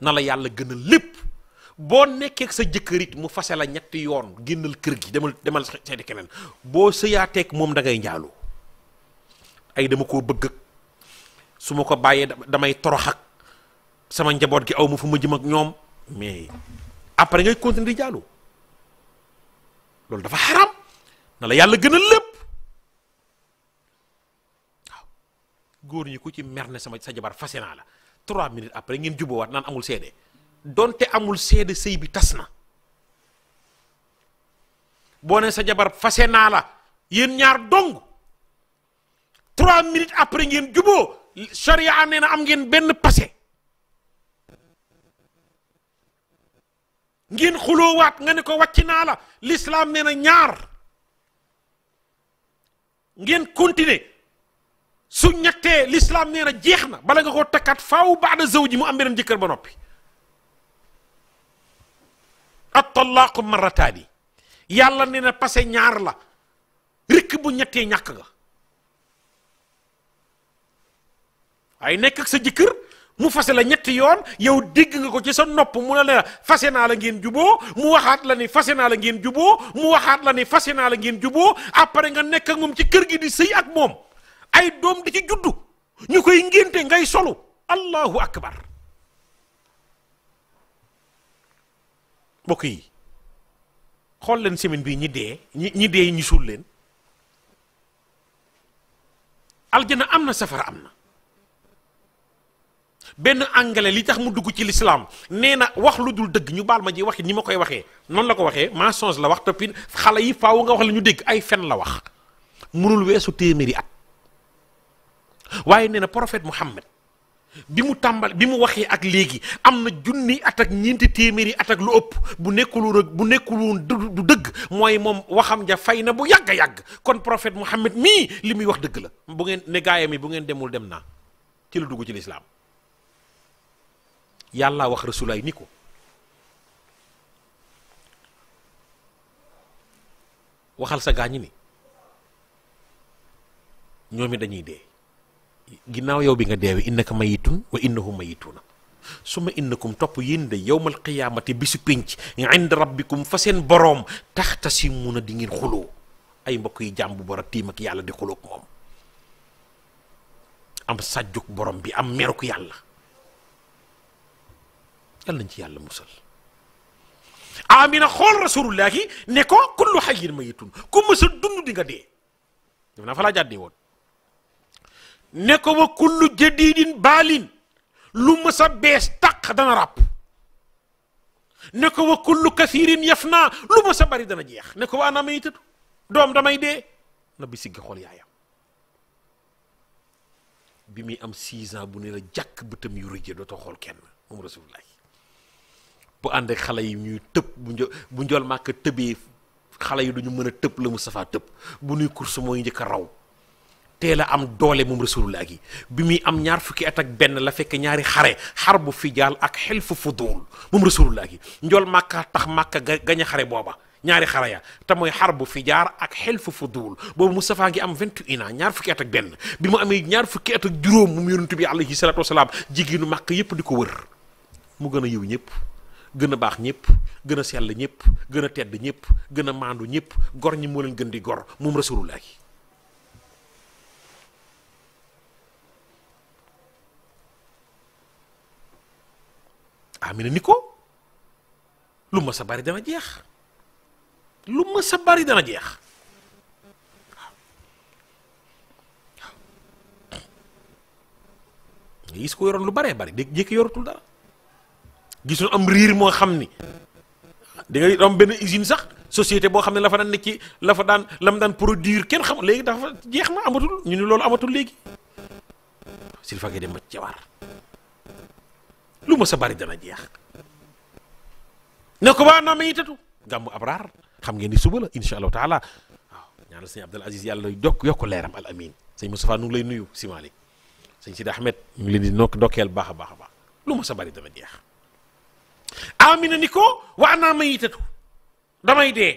na la yàlla gën lépp boo nekkee sa jëkkër it mu fase la ñetti yoon génnal kër gi demal demal seeti keneen boo sëyaateeg moom da ngay njaaloo ay dama koo bëgg su ma ko bàyyee damay torox sama njaboot gi aw ma fu ma jëm ak ñoom mais après ngay continuer di njaaloo loolu dafa xaram na yàlla gënal lépp waaw góor ñi ku ci mer ne sama sa jabar fase naa la trois minutes après ngeen juboowaat naan amul seede donte amul seede sëy bi tas na boo ne sa jabar fase naa la yéen ñaar dong trois minutes après ngeen juboo charia nee na am ngeen benn passé ngeen xuloowaat nga ne ko wàcc naa la l'islam nee na ñaar ngeen continuer su ñettee l'islam nee na jeex na bala nga koo takkaat faaw baada zaw ji mu am beneen jëkkër ba noppi at-talaaqu marrataani yàlla ne na passé ñaar la rikk bu ñettee ñàkk nga waaye nekk ak sa jëkkër mu fase la ñetti yoon yow dégg nga ko ci sa nopp mu ne la fase naa la ngeen juboo mu waxaat la ni fase naa la ngeen juboo mu waxaat la ni fase naa la ngeen juboo après nga nekk ak moom ci kër gi di sëy ak moom ay doom di ci juddu ñu koy ngénte ngay solu allahu akbar mbokk yi xool leen semaine bi ñi dee ñi ñi dee ñu suul leen aljana am na safara am na benn anglais li tax mu dugg ci lislaam nee na wax lu dul dëgg ñu baal ma ji waxi ñi ma koy waxee noonu la ko waxee mensonge la wax toppin xale yi faaw nga wax la ñu dégg ay fen la wax mënul weesu téeméeri at waaye nee na prophète Muhammad bi mu tàmbal bi mu waxee ak léegi am na junni at ak ñeenti téeméeri at ak lu ëpp bu nekkul rek bu nekkul du dëgg mooy moom waxam ja fay na bu yàgg a yàgg kon prophète Muhammad mii li muy wax dëgg la bu ngeen ne gaayam yi bu ngeen demul dem naa ci la dugg ci lislaam yàlla wax rasulaay ni ko waxal sa gaañi ni ñoom it dañuy dee. ginnaaw yow bi nga deewee innaka mayitun wa innahum mayituna suma innakum topp yéen de yowmal qiyaamati bisu pénc inda rabbikum fa seen boroom taxtasimuna di ngeen xuloo ay mbokk yi jàmm bu bara tiim ak yàlla di xuloog moom am sàjjuk borom bi am meruk yàlla yàlla nañ ci yàlla musal amina xool rasulullahi ne ko kullu hayyin mayitun ku mës a dund di nga dee def naa fa laa jàddee woon ne ko wa kullu jadidin baalin lu mës a bees tàq dana ràpp ne wa kullu kathirin yaf naa lu mës bari dana jeex ne waa naa may tëtu doom damay dee na bi siggi xool yaayam bi muy am six ans bu ne la jàkk bëtam yu rëjee dootoo xool kenn moom rasulullah bu ànd xale yi ñuy tëb bu njo bu njol màkk tëbee xale yi duñu mën a tëb la Mustafa tëb bu nuy course mooy njëkk raw teel a am doole moom rasulullah gi bi muy am ñaar fukki at ak benn la fekk ñaari xare xar bu fijaal ak xel fu fudul moom rasulullah gi njool màkka tax màkka gañ a xare booba ñaari xare ya te mooy xar bu fi jaar ak xel fu fudul boobu Moustapha ngi am 21 ans ñaar fukki at ak benn bi mu amee ñaar fukki at ak juróom moom yonentu bi alayhi salaatu wasalaam màkk yépp di ko wër mu gën a yiw ñëpp gën a baax ñëpp gën a sell ñëpp gën a tedd ñëpp gën a maandu ñëpp gor ñi moo leen gën di gor moom rasulullah gi amina ni ko lu ma sa bari dana jeex lu ma sa bari dana jeex waaw gis ko yoroon lu baree bari dégg jékki yoratul dara gis am riir moo xam ni di nga am benn usine sax société boo xam ne la fa daan ne ci la fa daan lam daan produire kenn xam léegi dafa jeex ma amatul ñu ni loolu amatul léegi Sylvain Guédé ma ci lu ma sa bari dana jeex ne ko baa naa ma yitatu gàmmu abraar xam ngeen ni suba la incha allahu taala waaw ñaanal sëñ Abdul Aziz yàlla yokk yokk leeram al amin sëñ Moustapha nu lay nuyu simaali sëñ si Ahmed mu ngi leen di nokk dokkeel baax a baax a baax lu ma sa bari dana jeex amina ni ko waa naa ma yitatu damay dee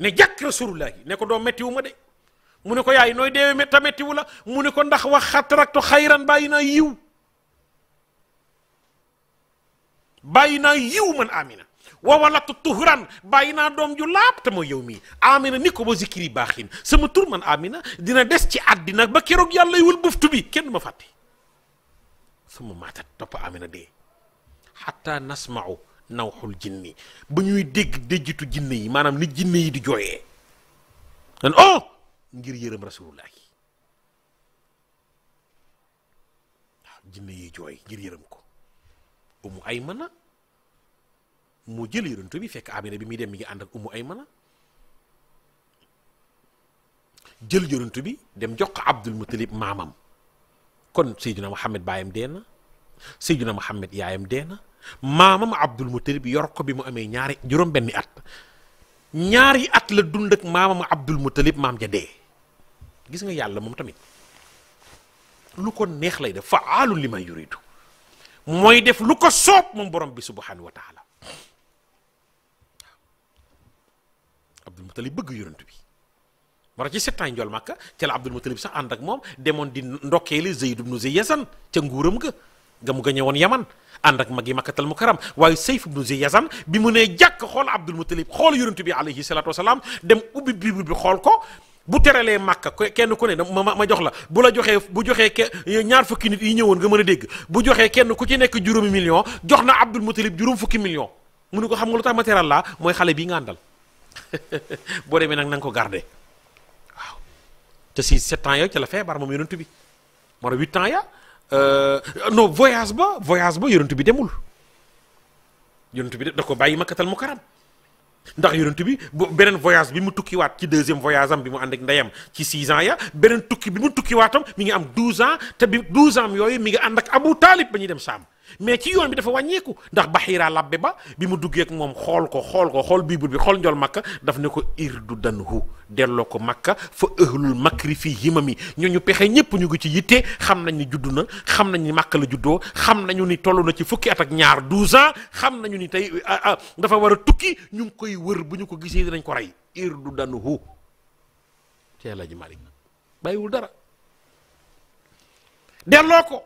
ne jàkk rasulullahi ne ko doo méttiwu ma de mu ne ko yaay nooy deewee ta méttiwu la mu ne ko ndax wax xataraktu xayran bàyyi naa yiw bàyyi naa yiw man amina wawalatu tuhuran bàyyi naa doom ju laab te mooy yow mii amina ni ko ba zikiri baaxin sama tur man amina dina des ci àddina ba keroog yàlla yiwul buftu bi kenn du ma fàtte suma maatat topp amina dee xatta nasmau nawxul jinni ba ñuy dégg déjjitu jinne yi maanaam ni jinne yi di jooye nan oh! ngir yërëm rasulullah yi waaw jinne yi jooy ngir yërëm ko umu aymana mu jël yonent bi fekk amina bi muy dem mi ngi ànd ak umu aymana jël yonent bi dem jox ko abdul mutalib maamam kon seyduna muhammad baayam dee na seyduna muhammad yaayam dee na maamam abdul mutalib yor bi mu amee ñaari juróom benni at ñaari at la dund ak maamam abdul mutalib maam ja dee gis nga yàlla moom tamit lu ko neex lay def faalun li ma yuridu mooy def lu ko soob moom borom bi subhanahu wa taala Abdul Mutalib bëgg yonent bi moo tax ci sept ans yi njool Màkka ca la Abdul Mutalib sax ànd ak moom demoon di ndokkeeli Zayd ibnu Ziyazan ca nguuram ga nga mu gañe woon Yaman ànd ak mag yi Makkatal Mukarram waaye Sayf ibnu Ziyazan bi mu nee jàkk xool Abdul Mutalib xool yonent bi alayhi salaatu salaam dem ubbi bible bi xool ko bu teralee màkka kenn ku ne ma ma jox la bu la joxee bu joxee ke eh, ñaar fukki nit yi ñëwoon nga mën a dégg bu joxee kenn ku ci nekk juróomi million jox na Abdul Mutalib juróom fukki million mu ne ko xam nga lu tax ma teral laa mooy xale bii nga àndal boo demee nag na ko garde waaw te si sept ans yooyu ci la feebar moom yonent bi moo tax huit ans ya euh, no voyage ba voyage ba yonent bi demul yonent bi da ko bàyyi makkatal mu karam ndax yonent bi beneen voyage bi mu tukkiwaat ci deuxième voyage am bi mu ànd ak ndeyam ci six ans ya beneen tukki bi mu tukkiwaatam mi ngi am douze ans te bi douze ans yooyu mi ngi ànd ak Abu Taalib ba ñuy dem Saam mais ci yoon bi dafa wàññeeku ndax Baxiira labbe ba bi mu duggeek moom xool ko xool ko xool biibul bi xool njol makk daf ne ko irdu danhu delloo ko makka fa ëhlul makri fii himami ñooñu pexe ñëpp ñu ngi ci yitte xam nañ ni juddu na xam nañ ni makka la juddoo xam nañu ni toll na ci fukki ak ñaar 12 ans xam nañu ni tey ah, ah, dafa war a tukki ñu ngi koy wër bu ko gisee dinañ ko rey irdu danhu teel a ji Malik bàyyiwul dara delloo ko.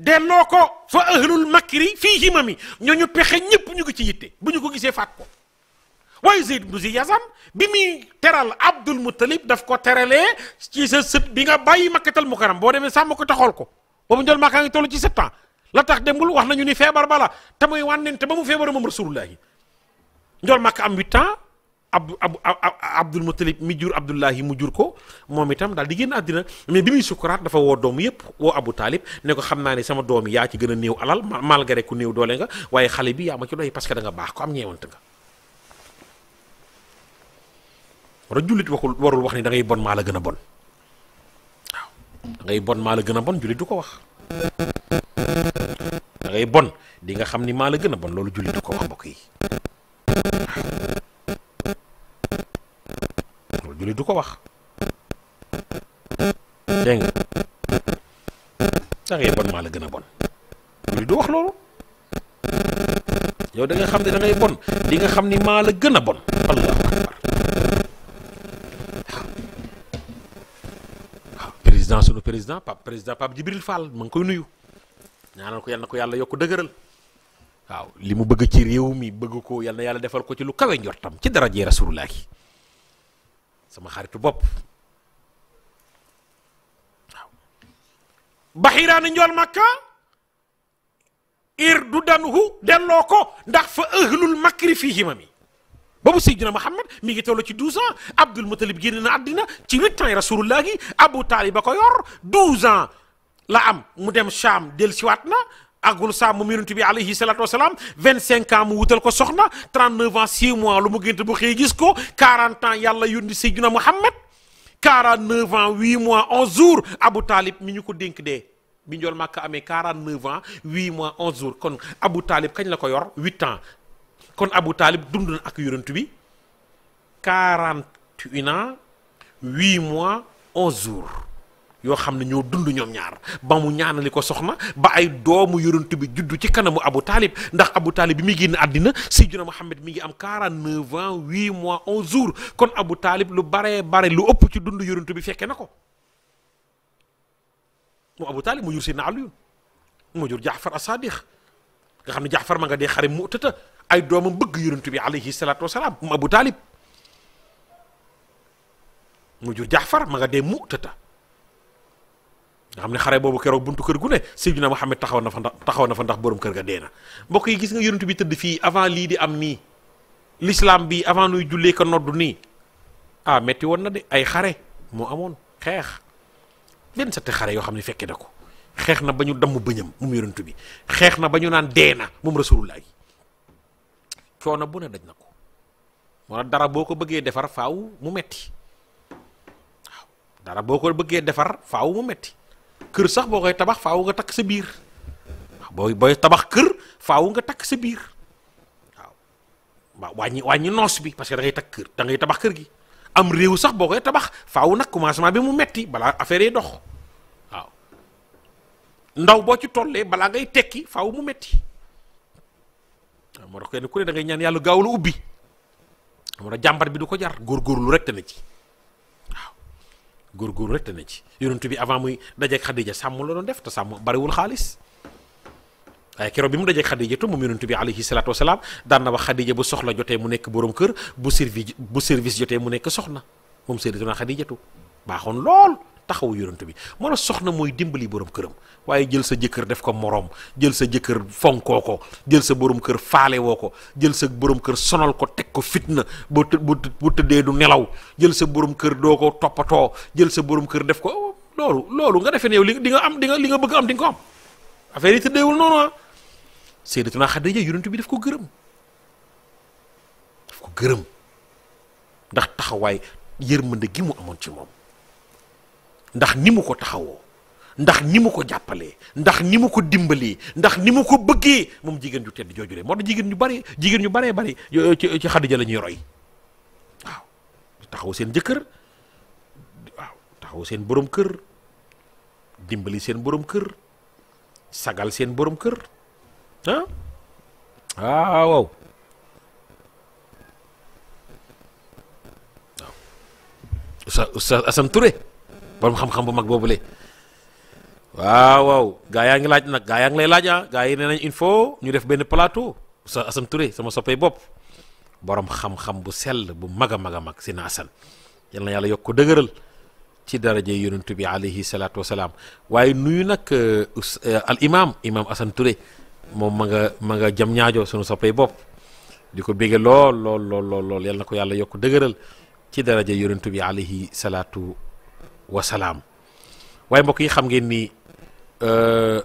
delloo ko fa ahlul makri fii himami ñooñu pexe ñépp ñu ngi ci yitte bu ñu ko gisee faat ko waaye Zayd ibnu Ziyazam bi muy teral Abdul Muttalib daf ko terale ci sa sët bi nga bàyyi makkatal mukaram boo demee sàmm ko taxool ko boobu njol maakaa ngi toll ci sept la tax dembul wax na ñu ni feebar bala te muy wànnente ba mu feebar moom rasulullahi njol màkk am huit ans Abdou ab Abdul Muttalib mi jur Abdullahi mu jur ko moom itam daal di génn àddina mais bi muy sukkuraat dafa woo doom yëpp woo Abu Taalib ne ko xam naa ne sama doom yaa ci gën a néew alal malgré ku néew doole nga waaye xale bi yaa ma ci doy parce que da nga baax ko jullit waxul warul wax ni da bon maa la gën a bon bon maa la gën a bon jullit du ko wax da bon di nga xam ni maa la gën a bon loolu jullit du ko wax mbokk yi jullit du ko wax dégg nga bon maa la gën a bon jullit du wax loolu yow danga xam ne da ngay bon di nga xam ni maa la gën a bon allahu akbar waaw président sunu président Pape président Pape Djibril Fall ma ngi koy nuyu ñaanal ko yàlla ko yàlla yokk dëgëral waaw li mu bëgg ci réew mi bëgg ko yàlla yàlla defal ko ci lu kawe njortam ci dara daraje rasulullah yi sama xaritu bopp waaw baxiraani njool makka ir du danhu delloo ko ndax fa ahlul makri fii himami boobu Seydina Muhammad mi ngi toll ci 12 ans Abdul Muttalib génn na àddina ci 8 ans yi Rasulullah gi Abu Taalib ba ko yor 12 ans la am mu dem Cham dellusiwaat na agul saa moom yonent bi alayhi salaatu wasalaam 25 ans mu wutal ko soxna 39 ans 6 mois lu mu gént bu xëy gis ko 40 ans yàlla yónni Seydina Muhammad 49 ans 8 mois 11 jours Abu Talib mi ñu ko dénk dee bi njool Màkka amee 49 ans 8 mois 11 jours kon Abu Talib la ko yor 8 ans kon Abu dund ak yonent bi 41 ans 8 mois 11 jours. yoo xam ne ñoo dund ñoom ñaar ba mu ñaanali ko soxna ba ay doomu yonent bi juddu ci kanamu Abu taalib ndax Abu Talib bi muy génn àddina Seydina Mohamed mi ngi am 49 ans 8 mois 11 jour kon Abu taalib lu baree bare lu ëpp ci dund yonent bi fekke na ko moom Abu Talib mu jur Seydina Aliyun mu jur Jaafar as nga xam ne Jaafar ma nga dee xare mu ay doomam bëgg yonent bi alayhi salaatu wasalaam mu Abu taalib mu jur Jaafar ma nga dee mu nga xam ne xare boobu keroog buntu kër gu ne xam ne taxaw na fa ndax taxaw na fa ndax borom kër ga dee na mbokk yi gis nga yonent bi tëdd fii avant lii di am nii lislaam bi avant nuy jullee ko noddu nii ah metti woon na de ay xare moo amoon xeex benn sette xare yoo xam ne fekke na ko xeex na ba ñu damm bëñam moom yonent bi xeex na ba ñu naan dee na moom rasulullah yi coono bu ne daj na ko wala dara boo ko bëggee defar faaw mu metti waaw boo ko bëggee defar faaw mu metti kër sax boo koy tabax faaw nga takk sa biir booy booy tabax kër faaw nga takk sa biir waaw wàññi wàññi noos bi parce que ngay takk kër da tabax kër gi am réew sax boo koy tabax faaw nag commencement bi mu metti balaa affaire yi dox waaw ndaw boo ci tollee balaa ngay tekki faaw mu metti waaw moo tax kenn ku ne da ngay ñaan yàlla gaaw la ubbi moo tax jàmbat bi du ko jar góorgóorlu rek te na ci góor rek te ne ci yonent bi avant muy dajeeg Xadija sàmm la doon def te sàmm bariwul xaalis waaye keroog bi mu dajeeg Xadija te moom yonent bi alayhi salaatu wasalaam daan na wax Xadija bu soxla jotee mu nekk borom kër bu servi bu service jotee mu nekk soxna moom Sayyidatuna Xadijatu baaxoon lool. taxawu yonent bi moo la soxna mooy dimbali boroom këram waaye jël sa jëkkër def ko moroom jël sa jëkkër fonkoo ko jël sa boroom kër faalewoo ko jël sa boroom kër sonal ko teg ko fitna bu bu tëddee du nelaw jël sa borom kër doo ko toppatoo jël sa borom kër def ko loolu loolu nga defee ne yow li di nga am di nga li nga bëgg am di ko am affaire yi tëddeewul noonu ah Sayyidatuna Xadija yonent bi def ko gërëm daf ko gërëm ndax taxawaay yërmande gi mu amoon ci moom ndax ni mu ko taxawoo ndax ni mu ko jàppalee ndax ni mu ko dimbalee ndax ni mu ko bëggee moom jigéen ju tedd jooju rek moo tax jigéen ñu bari jigéen ñu baree bari ci Xadija la ñuy taxaw seen jëkkër waaw taxaw seen borom kër dimbali seen borom kër sagal seen borom kër ah, ah waaw Oustaz Assane Touré borom xam-xam bu mag boobule waaw waaw gaa yaa ngi laaj nag gaa yaa ngi lay laaj ah gaa yi ne nañ il faut ñu def benn palaato sa Assane Touré sama soppee bopp boroom xam-xam bu sell bu mag a mag a mag si na Assane yal na yàlla yokk dëgëral ci daraje yonent bi alayhi salaatu wasalaam waaye nuyu nag euh, euh, al imam imam moom ma nga ma nga ñaajoo sunu soppee bopp ko bége lool lool lool na ko yàlla yokk dëgëral ci daraje yonent bi alayhi salaatu wa salaam waaye mbokk yi xam ngeen ni euh,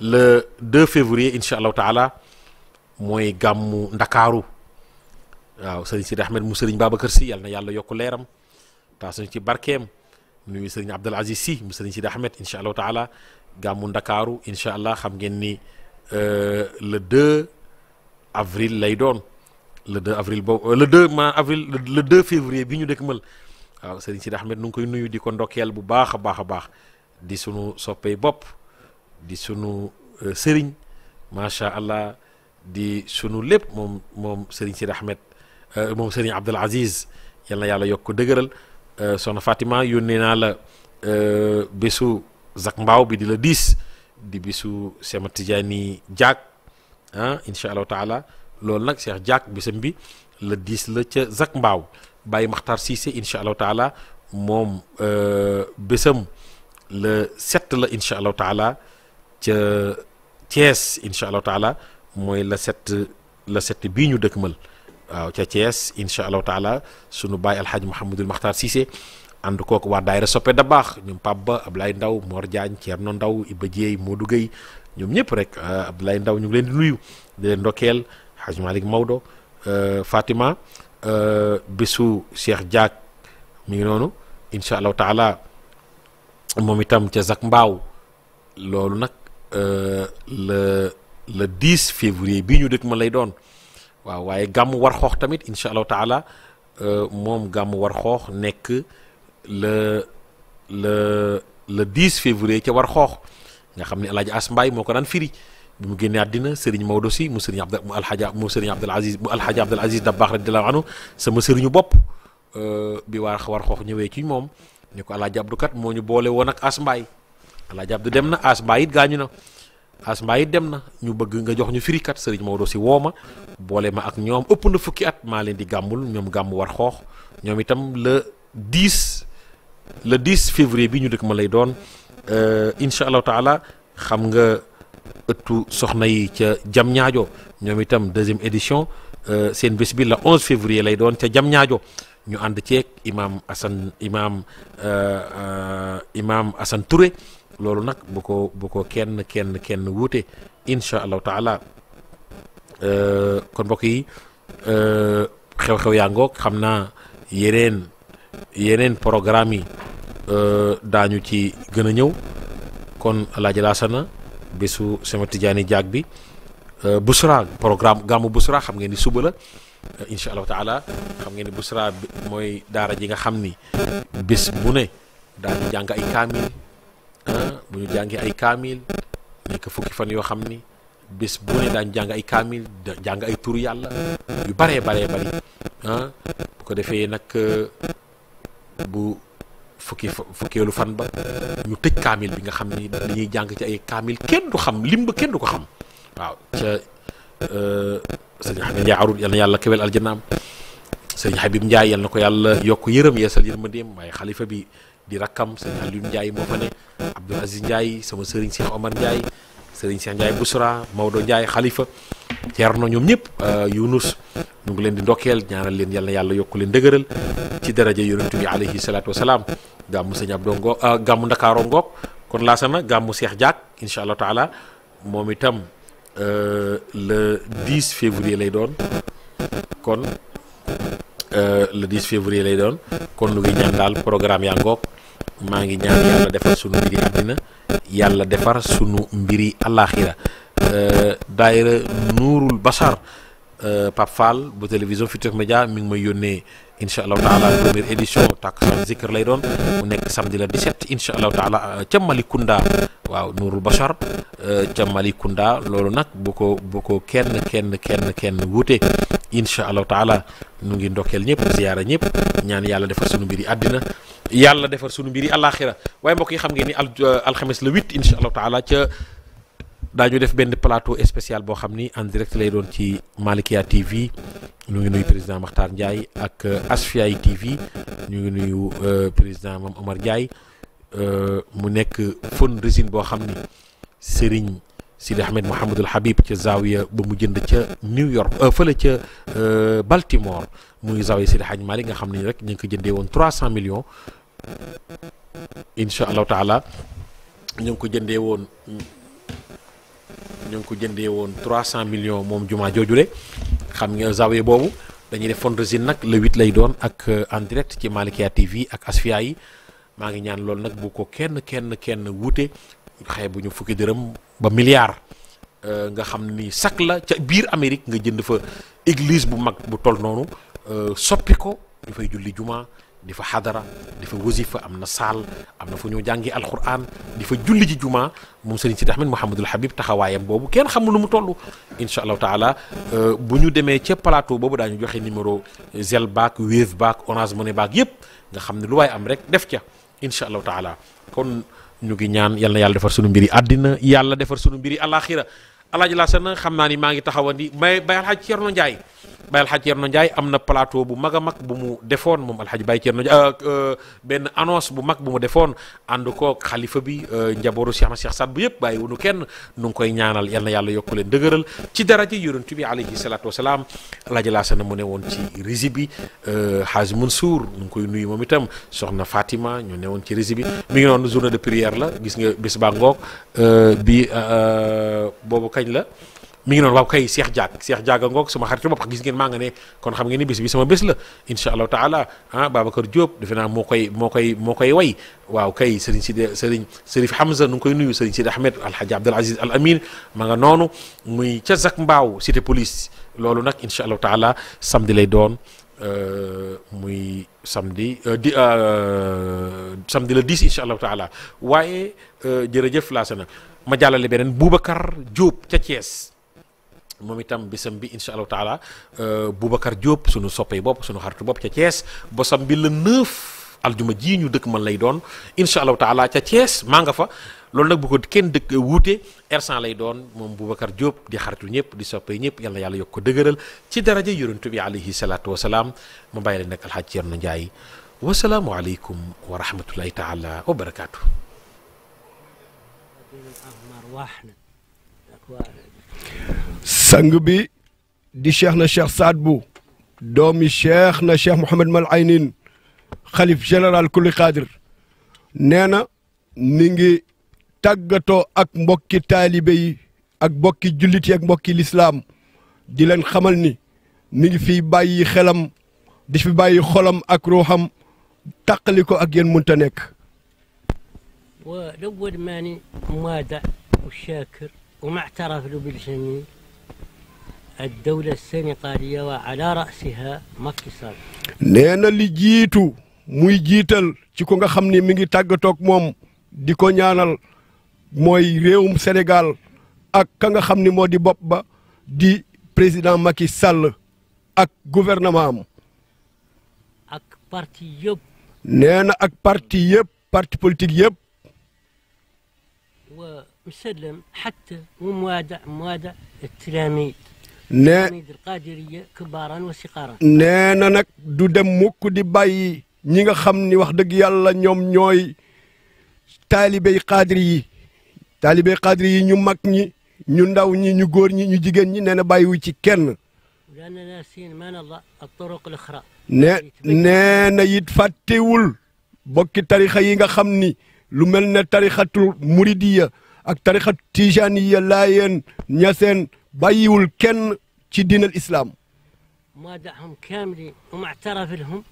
le 2 février incha allahu taala mooy gàmmu ndakaaru waaw sëriñ Sidi Ahmed mu sëriñ Babacar si yàlla na yàlla yokk leeram taa suñu ci barkeem nuyu sëriñ Abdul Aziz si mu sëriñ Sidi Ahmed incha allahu taala gàmmu ndakaaru incha allah xam ngeen ni euh, le 2 avril lay doon le 2 avril boobu euh, le 2 ma avril le 2 février bi ñu dëkk mal waaw sëriñ Sidi Ahmed nu ngi koy nuyu di ko ndokkeel bu baax a baax a baax di sunu soppey bopp di sunu euh, seriñ macha allah di sunu lépp moom moom sëriñ Sidi Ahmed euh, moom sëriñ Abdul Aziz yal na yàlla yokk ko dëgëral euh, soxna Fatima yónnee naa la bésu Zak Mbaaw bi di la diis di bisu Sema Tidiane Diak ah incha allahu taala loolu nag Cheikh Diak bisam bi la diis la ca Zak Mbaaw Baye Makhtar Cissé incha allahu taala moom euh, bésam le sept la incha allahu taala ca Thiès incha allahu taala mooy la sept la sept bii ñu dëkkmal waaw ca Thiès incha allahu taala sunu baay alxaaji Mouhamadul Makhtar Cissé ànd kook waa daayira soppe da baax ñu Pape Ba Ablaye Ndaw Mor Diagne Thierno Ndaw Iba Dieye Modou ñoom ñëpp rek euh, Abdoulaye Ndaw ñu leen di nuyu di ndokkeel Hadj Malick Maodo euh, Fatima Euh, bésu Cheikh Diak mi ngi noonu incha allahu taala moom itam ca Zac Mbaaw loolu nag euh, le le 10 février bii ñu dëkk ma lay doon waaw waaye gàmm war xoox tamit incha allahu taala euh, moom gàmm war xoox nekk le le le 10 février ca war xoox nga xam ne El Hadj As Mbaye moo ko daan firi. bi mu génnee àddina sëriñ Maodo si mu sëriñ Abda mu alxaja mu sëriñ Abdul Aziz bu alxaja Abdul Aziz Dabaax radiyallaahu anhu sama sëriñu bopp euh, bi waar war xoox ñëwee ci moom ñu ko alaaji moo ñu boole woon ak asmbaay alaaji Abdu dem na asmbaay it gaañu na asmbaay it dem na ñu bëgg nga jox ñu firikat sëriñ Maodo si woo ma boole ma ak ñoom ëpp na fukki at maa leen di gàmmul ñoom gàmm war xoox ñoom itam la 10 le 10 février bi ñu dëkk ma lay doon euh, incha allahu taala xam nga. ëttu soxna yi ca jam ñaajo ñoom itam deuxième édition euh, seen bés bi la 11 février lay doon ca jam ñaajo ñu ànd ceeg imaam Assane imaam euh, euh, imaam Assane loolu nag bu ko bu ko kenn kenn kenn wuute incha allahu taala kon mbokk yi xew-xew yaa ngoog xam naa yeneen yeneen programme yi daañu ci gën a ñëw kon alaaji laasana bésu sama tijaani jaag bi euh, Busra programme gàmmu Busra xam ngeen ni suba la euh, incha allahu taala xam ngeen ni Busra mooy daara ji nga xam ni bés bu ne daañu jàng ay kaamil ah, bu ñu jàngee ay kaamil yoo xam ni bés bu ne daañu jàng ay kaamil jàng ay tur yàlla yu baree baree bari ah, bu ko defee nag euh, bu. fukki fukkeelu fan ba ñu tëj kaamil bi nga xam ni dañuy jàng ci ay kaamil kenn du xam lim ba kenn du ko xam waaw ca euh, sëriñ Habib Ndiaye arut yal na yàlla kewel aljanaam sëriñ Habib Ndiaye yal na ko yàlla yokk yërëm yeesal yërmandeem waaye xalifa bi di rakkam sëriñ Aliou Ndiaye moo fa ne Abdoul Aziz Ndiaye sama sëriñ Cheikh Omar Ndiaye Serigne Cheikh Ndiaye Bousra Maodo Ndiaye Khalifa Thierno ñoom ñëpp euh, Younus ñu ngi leen di ndokkeel ñaanal leen yal na yàlla yokku leen dëgëral ci daraja yonent bi alayhi salaatu wasalaam gàmmu sëñ Abdou Ngo euh, gàmmu Ndakaaro kon laasana gàmmu Cheikh Diack incha allah taala moom itam euh, le 10 février lay doon kon le 10 février lay doon kon lu ngi ñaan daal programme yaa ngoog maa ngi ñaan yàlla defar sunu mbiri àddina yàlla defar sunu mbiri àllaaxira euh, daayira nuurul basar euh, Pape Fall bu télévision Futurs Médias mi ngi may yónnee incha allahu taala première édition takkusaan zikr lay doon mu nekk samedi la 17 incha allahu taala euh, ca Malicounda waaw Nourul Bachar euh, ca Malicounda loolu nag bu ko bu ko kenn kenn kenn kenn wuute incha allahu taala nu ngi ndokkeel ñëpp ziyaara ñëpp ñaan yàlla defar sunu mbir yi àddina yàlla defar sunu mbir yi àllaaxira waaye mbokk xam ngeen ni al euh, alxames le allahu taala ca. daañu def benn plateau spécial boo xam ni en direct lay doon ci Malikia TV ñu ngi nuy président Makhtar Ndiaye ak euh, Asfiyahi TV ñu ngi nuyu euh, président Mame Omar Ndiaye euh, mu nekk fondraising boo xam ni Serigne Sidi Ahmed Mouhamadul Habib ca Zawiya ba mu jënd ca New York fële ca Baltimore muy Zawiya Sidi Hadj Malick nga xam ni rek ñu ngi ko jëndee woon 300 millions incha allahu taala ñu ngi ko jëndee woon. ñu ngi ko jëndee woon 300 millions moom jumaa joojule xam nga zawe boobu dañuy def fundraising nag le 8 lay doon ak euh, en direct ci Malikia TV ak Asfiya yi maa ngi ñaan loolu nag bu ko kenn kenn kenn wute xëy bu ñu fukki dërëm ba milliard euh, nga xam ni sak la ca biir Amérique nga jënd fa église bu mag bu tol noonu euh, soppi ko ñu fay julli jumaa di fa xadara di fa wasifa am na saal am na fu ñu jàngi alquran di fa julli ci jumaa moom sëriñ Sidi Ahmed Mouhamadul Habib taxawaayam boobu kenn xamul lu mu toll incha allahu taala euh, bu ñu demee ca plateau boobu ñu joxe numéro Zelle baak Wave baak Orange Money baak yëpp nga xam ne lu waay am rek def ca incha allahu taala kon ñu ngi ñaan yal na yàlla defar sunu mbiri àddina yàlla defar sunu mbiri alaxira alaaji laa seen xam naa ni maa ngi taxawandi may bay alxaaj Cerno Njaay Baye Alxaj Cerno Ndiaye am na plateau bu mag a mag bu mu defoon moom Alxaj Baye Cerno Ndiaye euh, euh, benn annonce bu mag bu mu defoon ànd ko xalifa bi euh, njabooru Cheikh na Cheikh Saad bu yëpp bàyyi wunu kenn nu ngi koy ñaanal yal na yàlla yokk leen dëgëral ci daraja yonent bi alayhi salaatu wasalaam laaj laa na mu ne woon ci rési bi mun suur nu ngi koy nuyu moom itam soxna Fatima ñu ne woon ci rési bi mi ngi noonu journée de prière la gis nga bés baa ngoog bi boobu kañ la mi ngi noonu waaw kay Cheikh Diack Cheikh Diack ngoog sama xaritu bopp gis ngeen maa nga ne kon xam ngeen ni bés bi sama bés la incha allahu taala ah Babacar Diop defe naa moo koy moo koy moo koy way waaw kay Serigne Sidi Serigne Serif Hamza nu ngi koy nuyu Serigne Sidi Ahmed Alhaji Abdul Aziz Al Amin ma nga noonu muy ca Zac Mbao cité police loolu nag incha allahu taala samedi lay doon euh, muy samedi euh, di euh, samedi le 10 incha allahu taala waaye jërëjëf laasana ma jàllale beneen Boubacar Diop ca Thiès. moom itam bisam bi incha allahu taala euh, Boubacar jóob sunu soppee bopp sunu xaritu bopp ca Thiès bosam bi la 9 aljuma ji ñu dëkk man lay doon incha allahu taala ca Thiès maa nga fa loolu nag bu ko kenn dëkk euh, wuute ersan lay doon moom Boubacar Diop di xaritu ñëpp di soppee ñëpp yal na yàlla yokk ko dëgëral ci daraja yonent bi alayhi salaatu wa salaam ma bàyyi leen nag Alxaaj Ceerno Njaay wa salaamu aleykum wa rahmatullahi taala wa barakaatu. sang bi di cheikh na cheikh Saad Bou doomi cheikh na cheikh Mouhamed Mal Aynin xalif général kulli xaadir nee na mi ngi tàggatoo ak mbokki taalibe ak mbokki jullit yi ak mbokki lislaam di leen xamal ni mi ngi fiy bàyyi xelam di fi bàyyi xolam ak ruuxam taqali ak yéen mënta nekk. ودور ماني مادع وشاكر وما اعترف له بالجميل الدولة السنغالية وعلى رأسها Macky Sall. nee na li jiitu muy jiital ci ko nga xam ni mi ngi tàggatoog moom di ko ñaanal mooy réewum Sénégal ak ka nga xam ni moo di bopp ba di président Macky Sall ak gouvernement am. ak parti yëpp. nee na ak parti yëpp parti politique yëpp. ومسلم حتى وموادع موادع التلاميذ. nee nee na nag du dem mukk di bàyyi ñi nga xam ni wax dëgg yàlla ñoom ñooy taalibey xaadiri yi taalibey xaadiri yi ñu mag ñi ñu ndaw ñi ñu góor ñi ñu jigéen ñi nee na bàyyiwu ci kenn ne nee na it fàttewul bokki tarixa yi nga xam ni lu mel ne tarixatu muridiya ak tarixatu yi laayeen ñaseen bàyyiwul kenn ci diinal islaam مادحهم كاملين وما اعترف لهم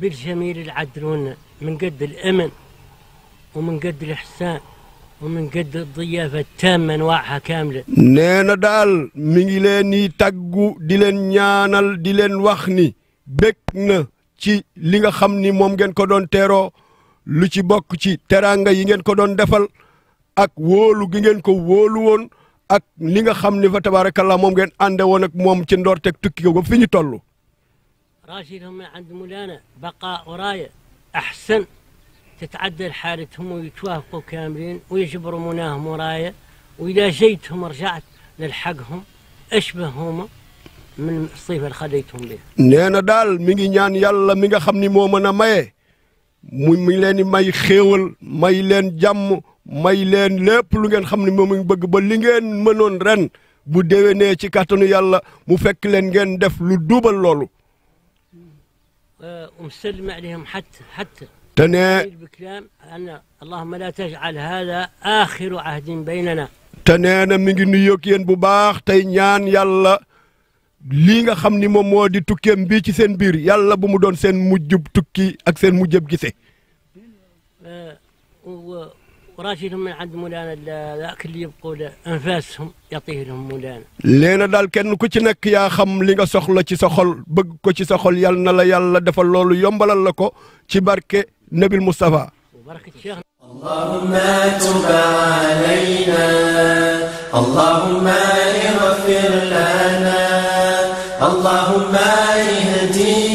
بالجميل العدل والنا من قد الأمن ومن قد الإحسان ومن قد الضيافة التامة أنواعها كاملة نينا دال ميغي ليني تاغو دي لين نيانال دي لين واخني بكنا ci li nga xam ni moom ngeen ko doon teeroo lu ci bokk ci teraanga yi ngeen ko doon defal ak wóolu gi ngeen ko wóolu woon ak li nga xam ni fa tabaarakallaa moom ngeen ànde woon ak moom ci ndoorteg tukki ko ba fi ñu toll راشدهم عند مولانا بقاء وراية أحسن تتعدل حالتهم ويتوافقوا كاملين ويجبروا مناهم وراية وإذا جيتهم رجعت للحقهم أشبههم من الصيف اللي خليتهم به nee na daal mi ngi ñaan yàlla mi nga xam ni moo mën a maye mu mi leen di may xéewal may leen jàmm may leen lépp lu ngeen xam ni moom ngi bëgg ba li ngeen mënoon ren bu déwénee ci kàttanu yàlla mu fekk leen ngeen def lu duubal loolu ومسلم عليهم حتى حتى تنا بكلام أن اللهم لا تجعل هذا آخر عهد na mi ngi nuyoog yéen bu baax tey ñaan yàlla lii nga xam ni moom moo di tukkeem bii ci seen biir yàlla bu mu doon seen mujjub tukki ak seen mujjub gise وراشدهم من عند مولانا ذاك اللي يبقوا انفاسهم يعطيه لهم مولانا لينا daal kenn ku ci nekk yaa xam li nga soxla ci sa xol bëgg ko ci sa xol yal na la yàlla defal loolu yombalal la ko ci barke Nabil Moustapha وبركة شيخنا اللهم تب علينا اللهم اغفر لنا اللهم اهدنا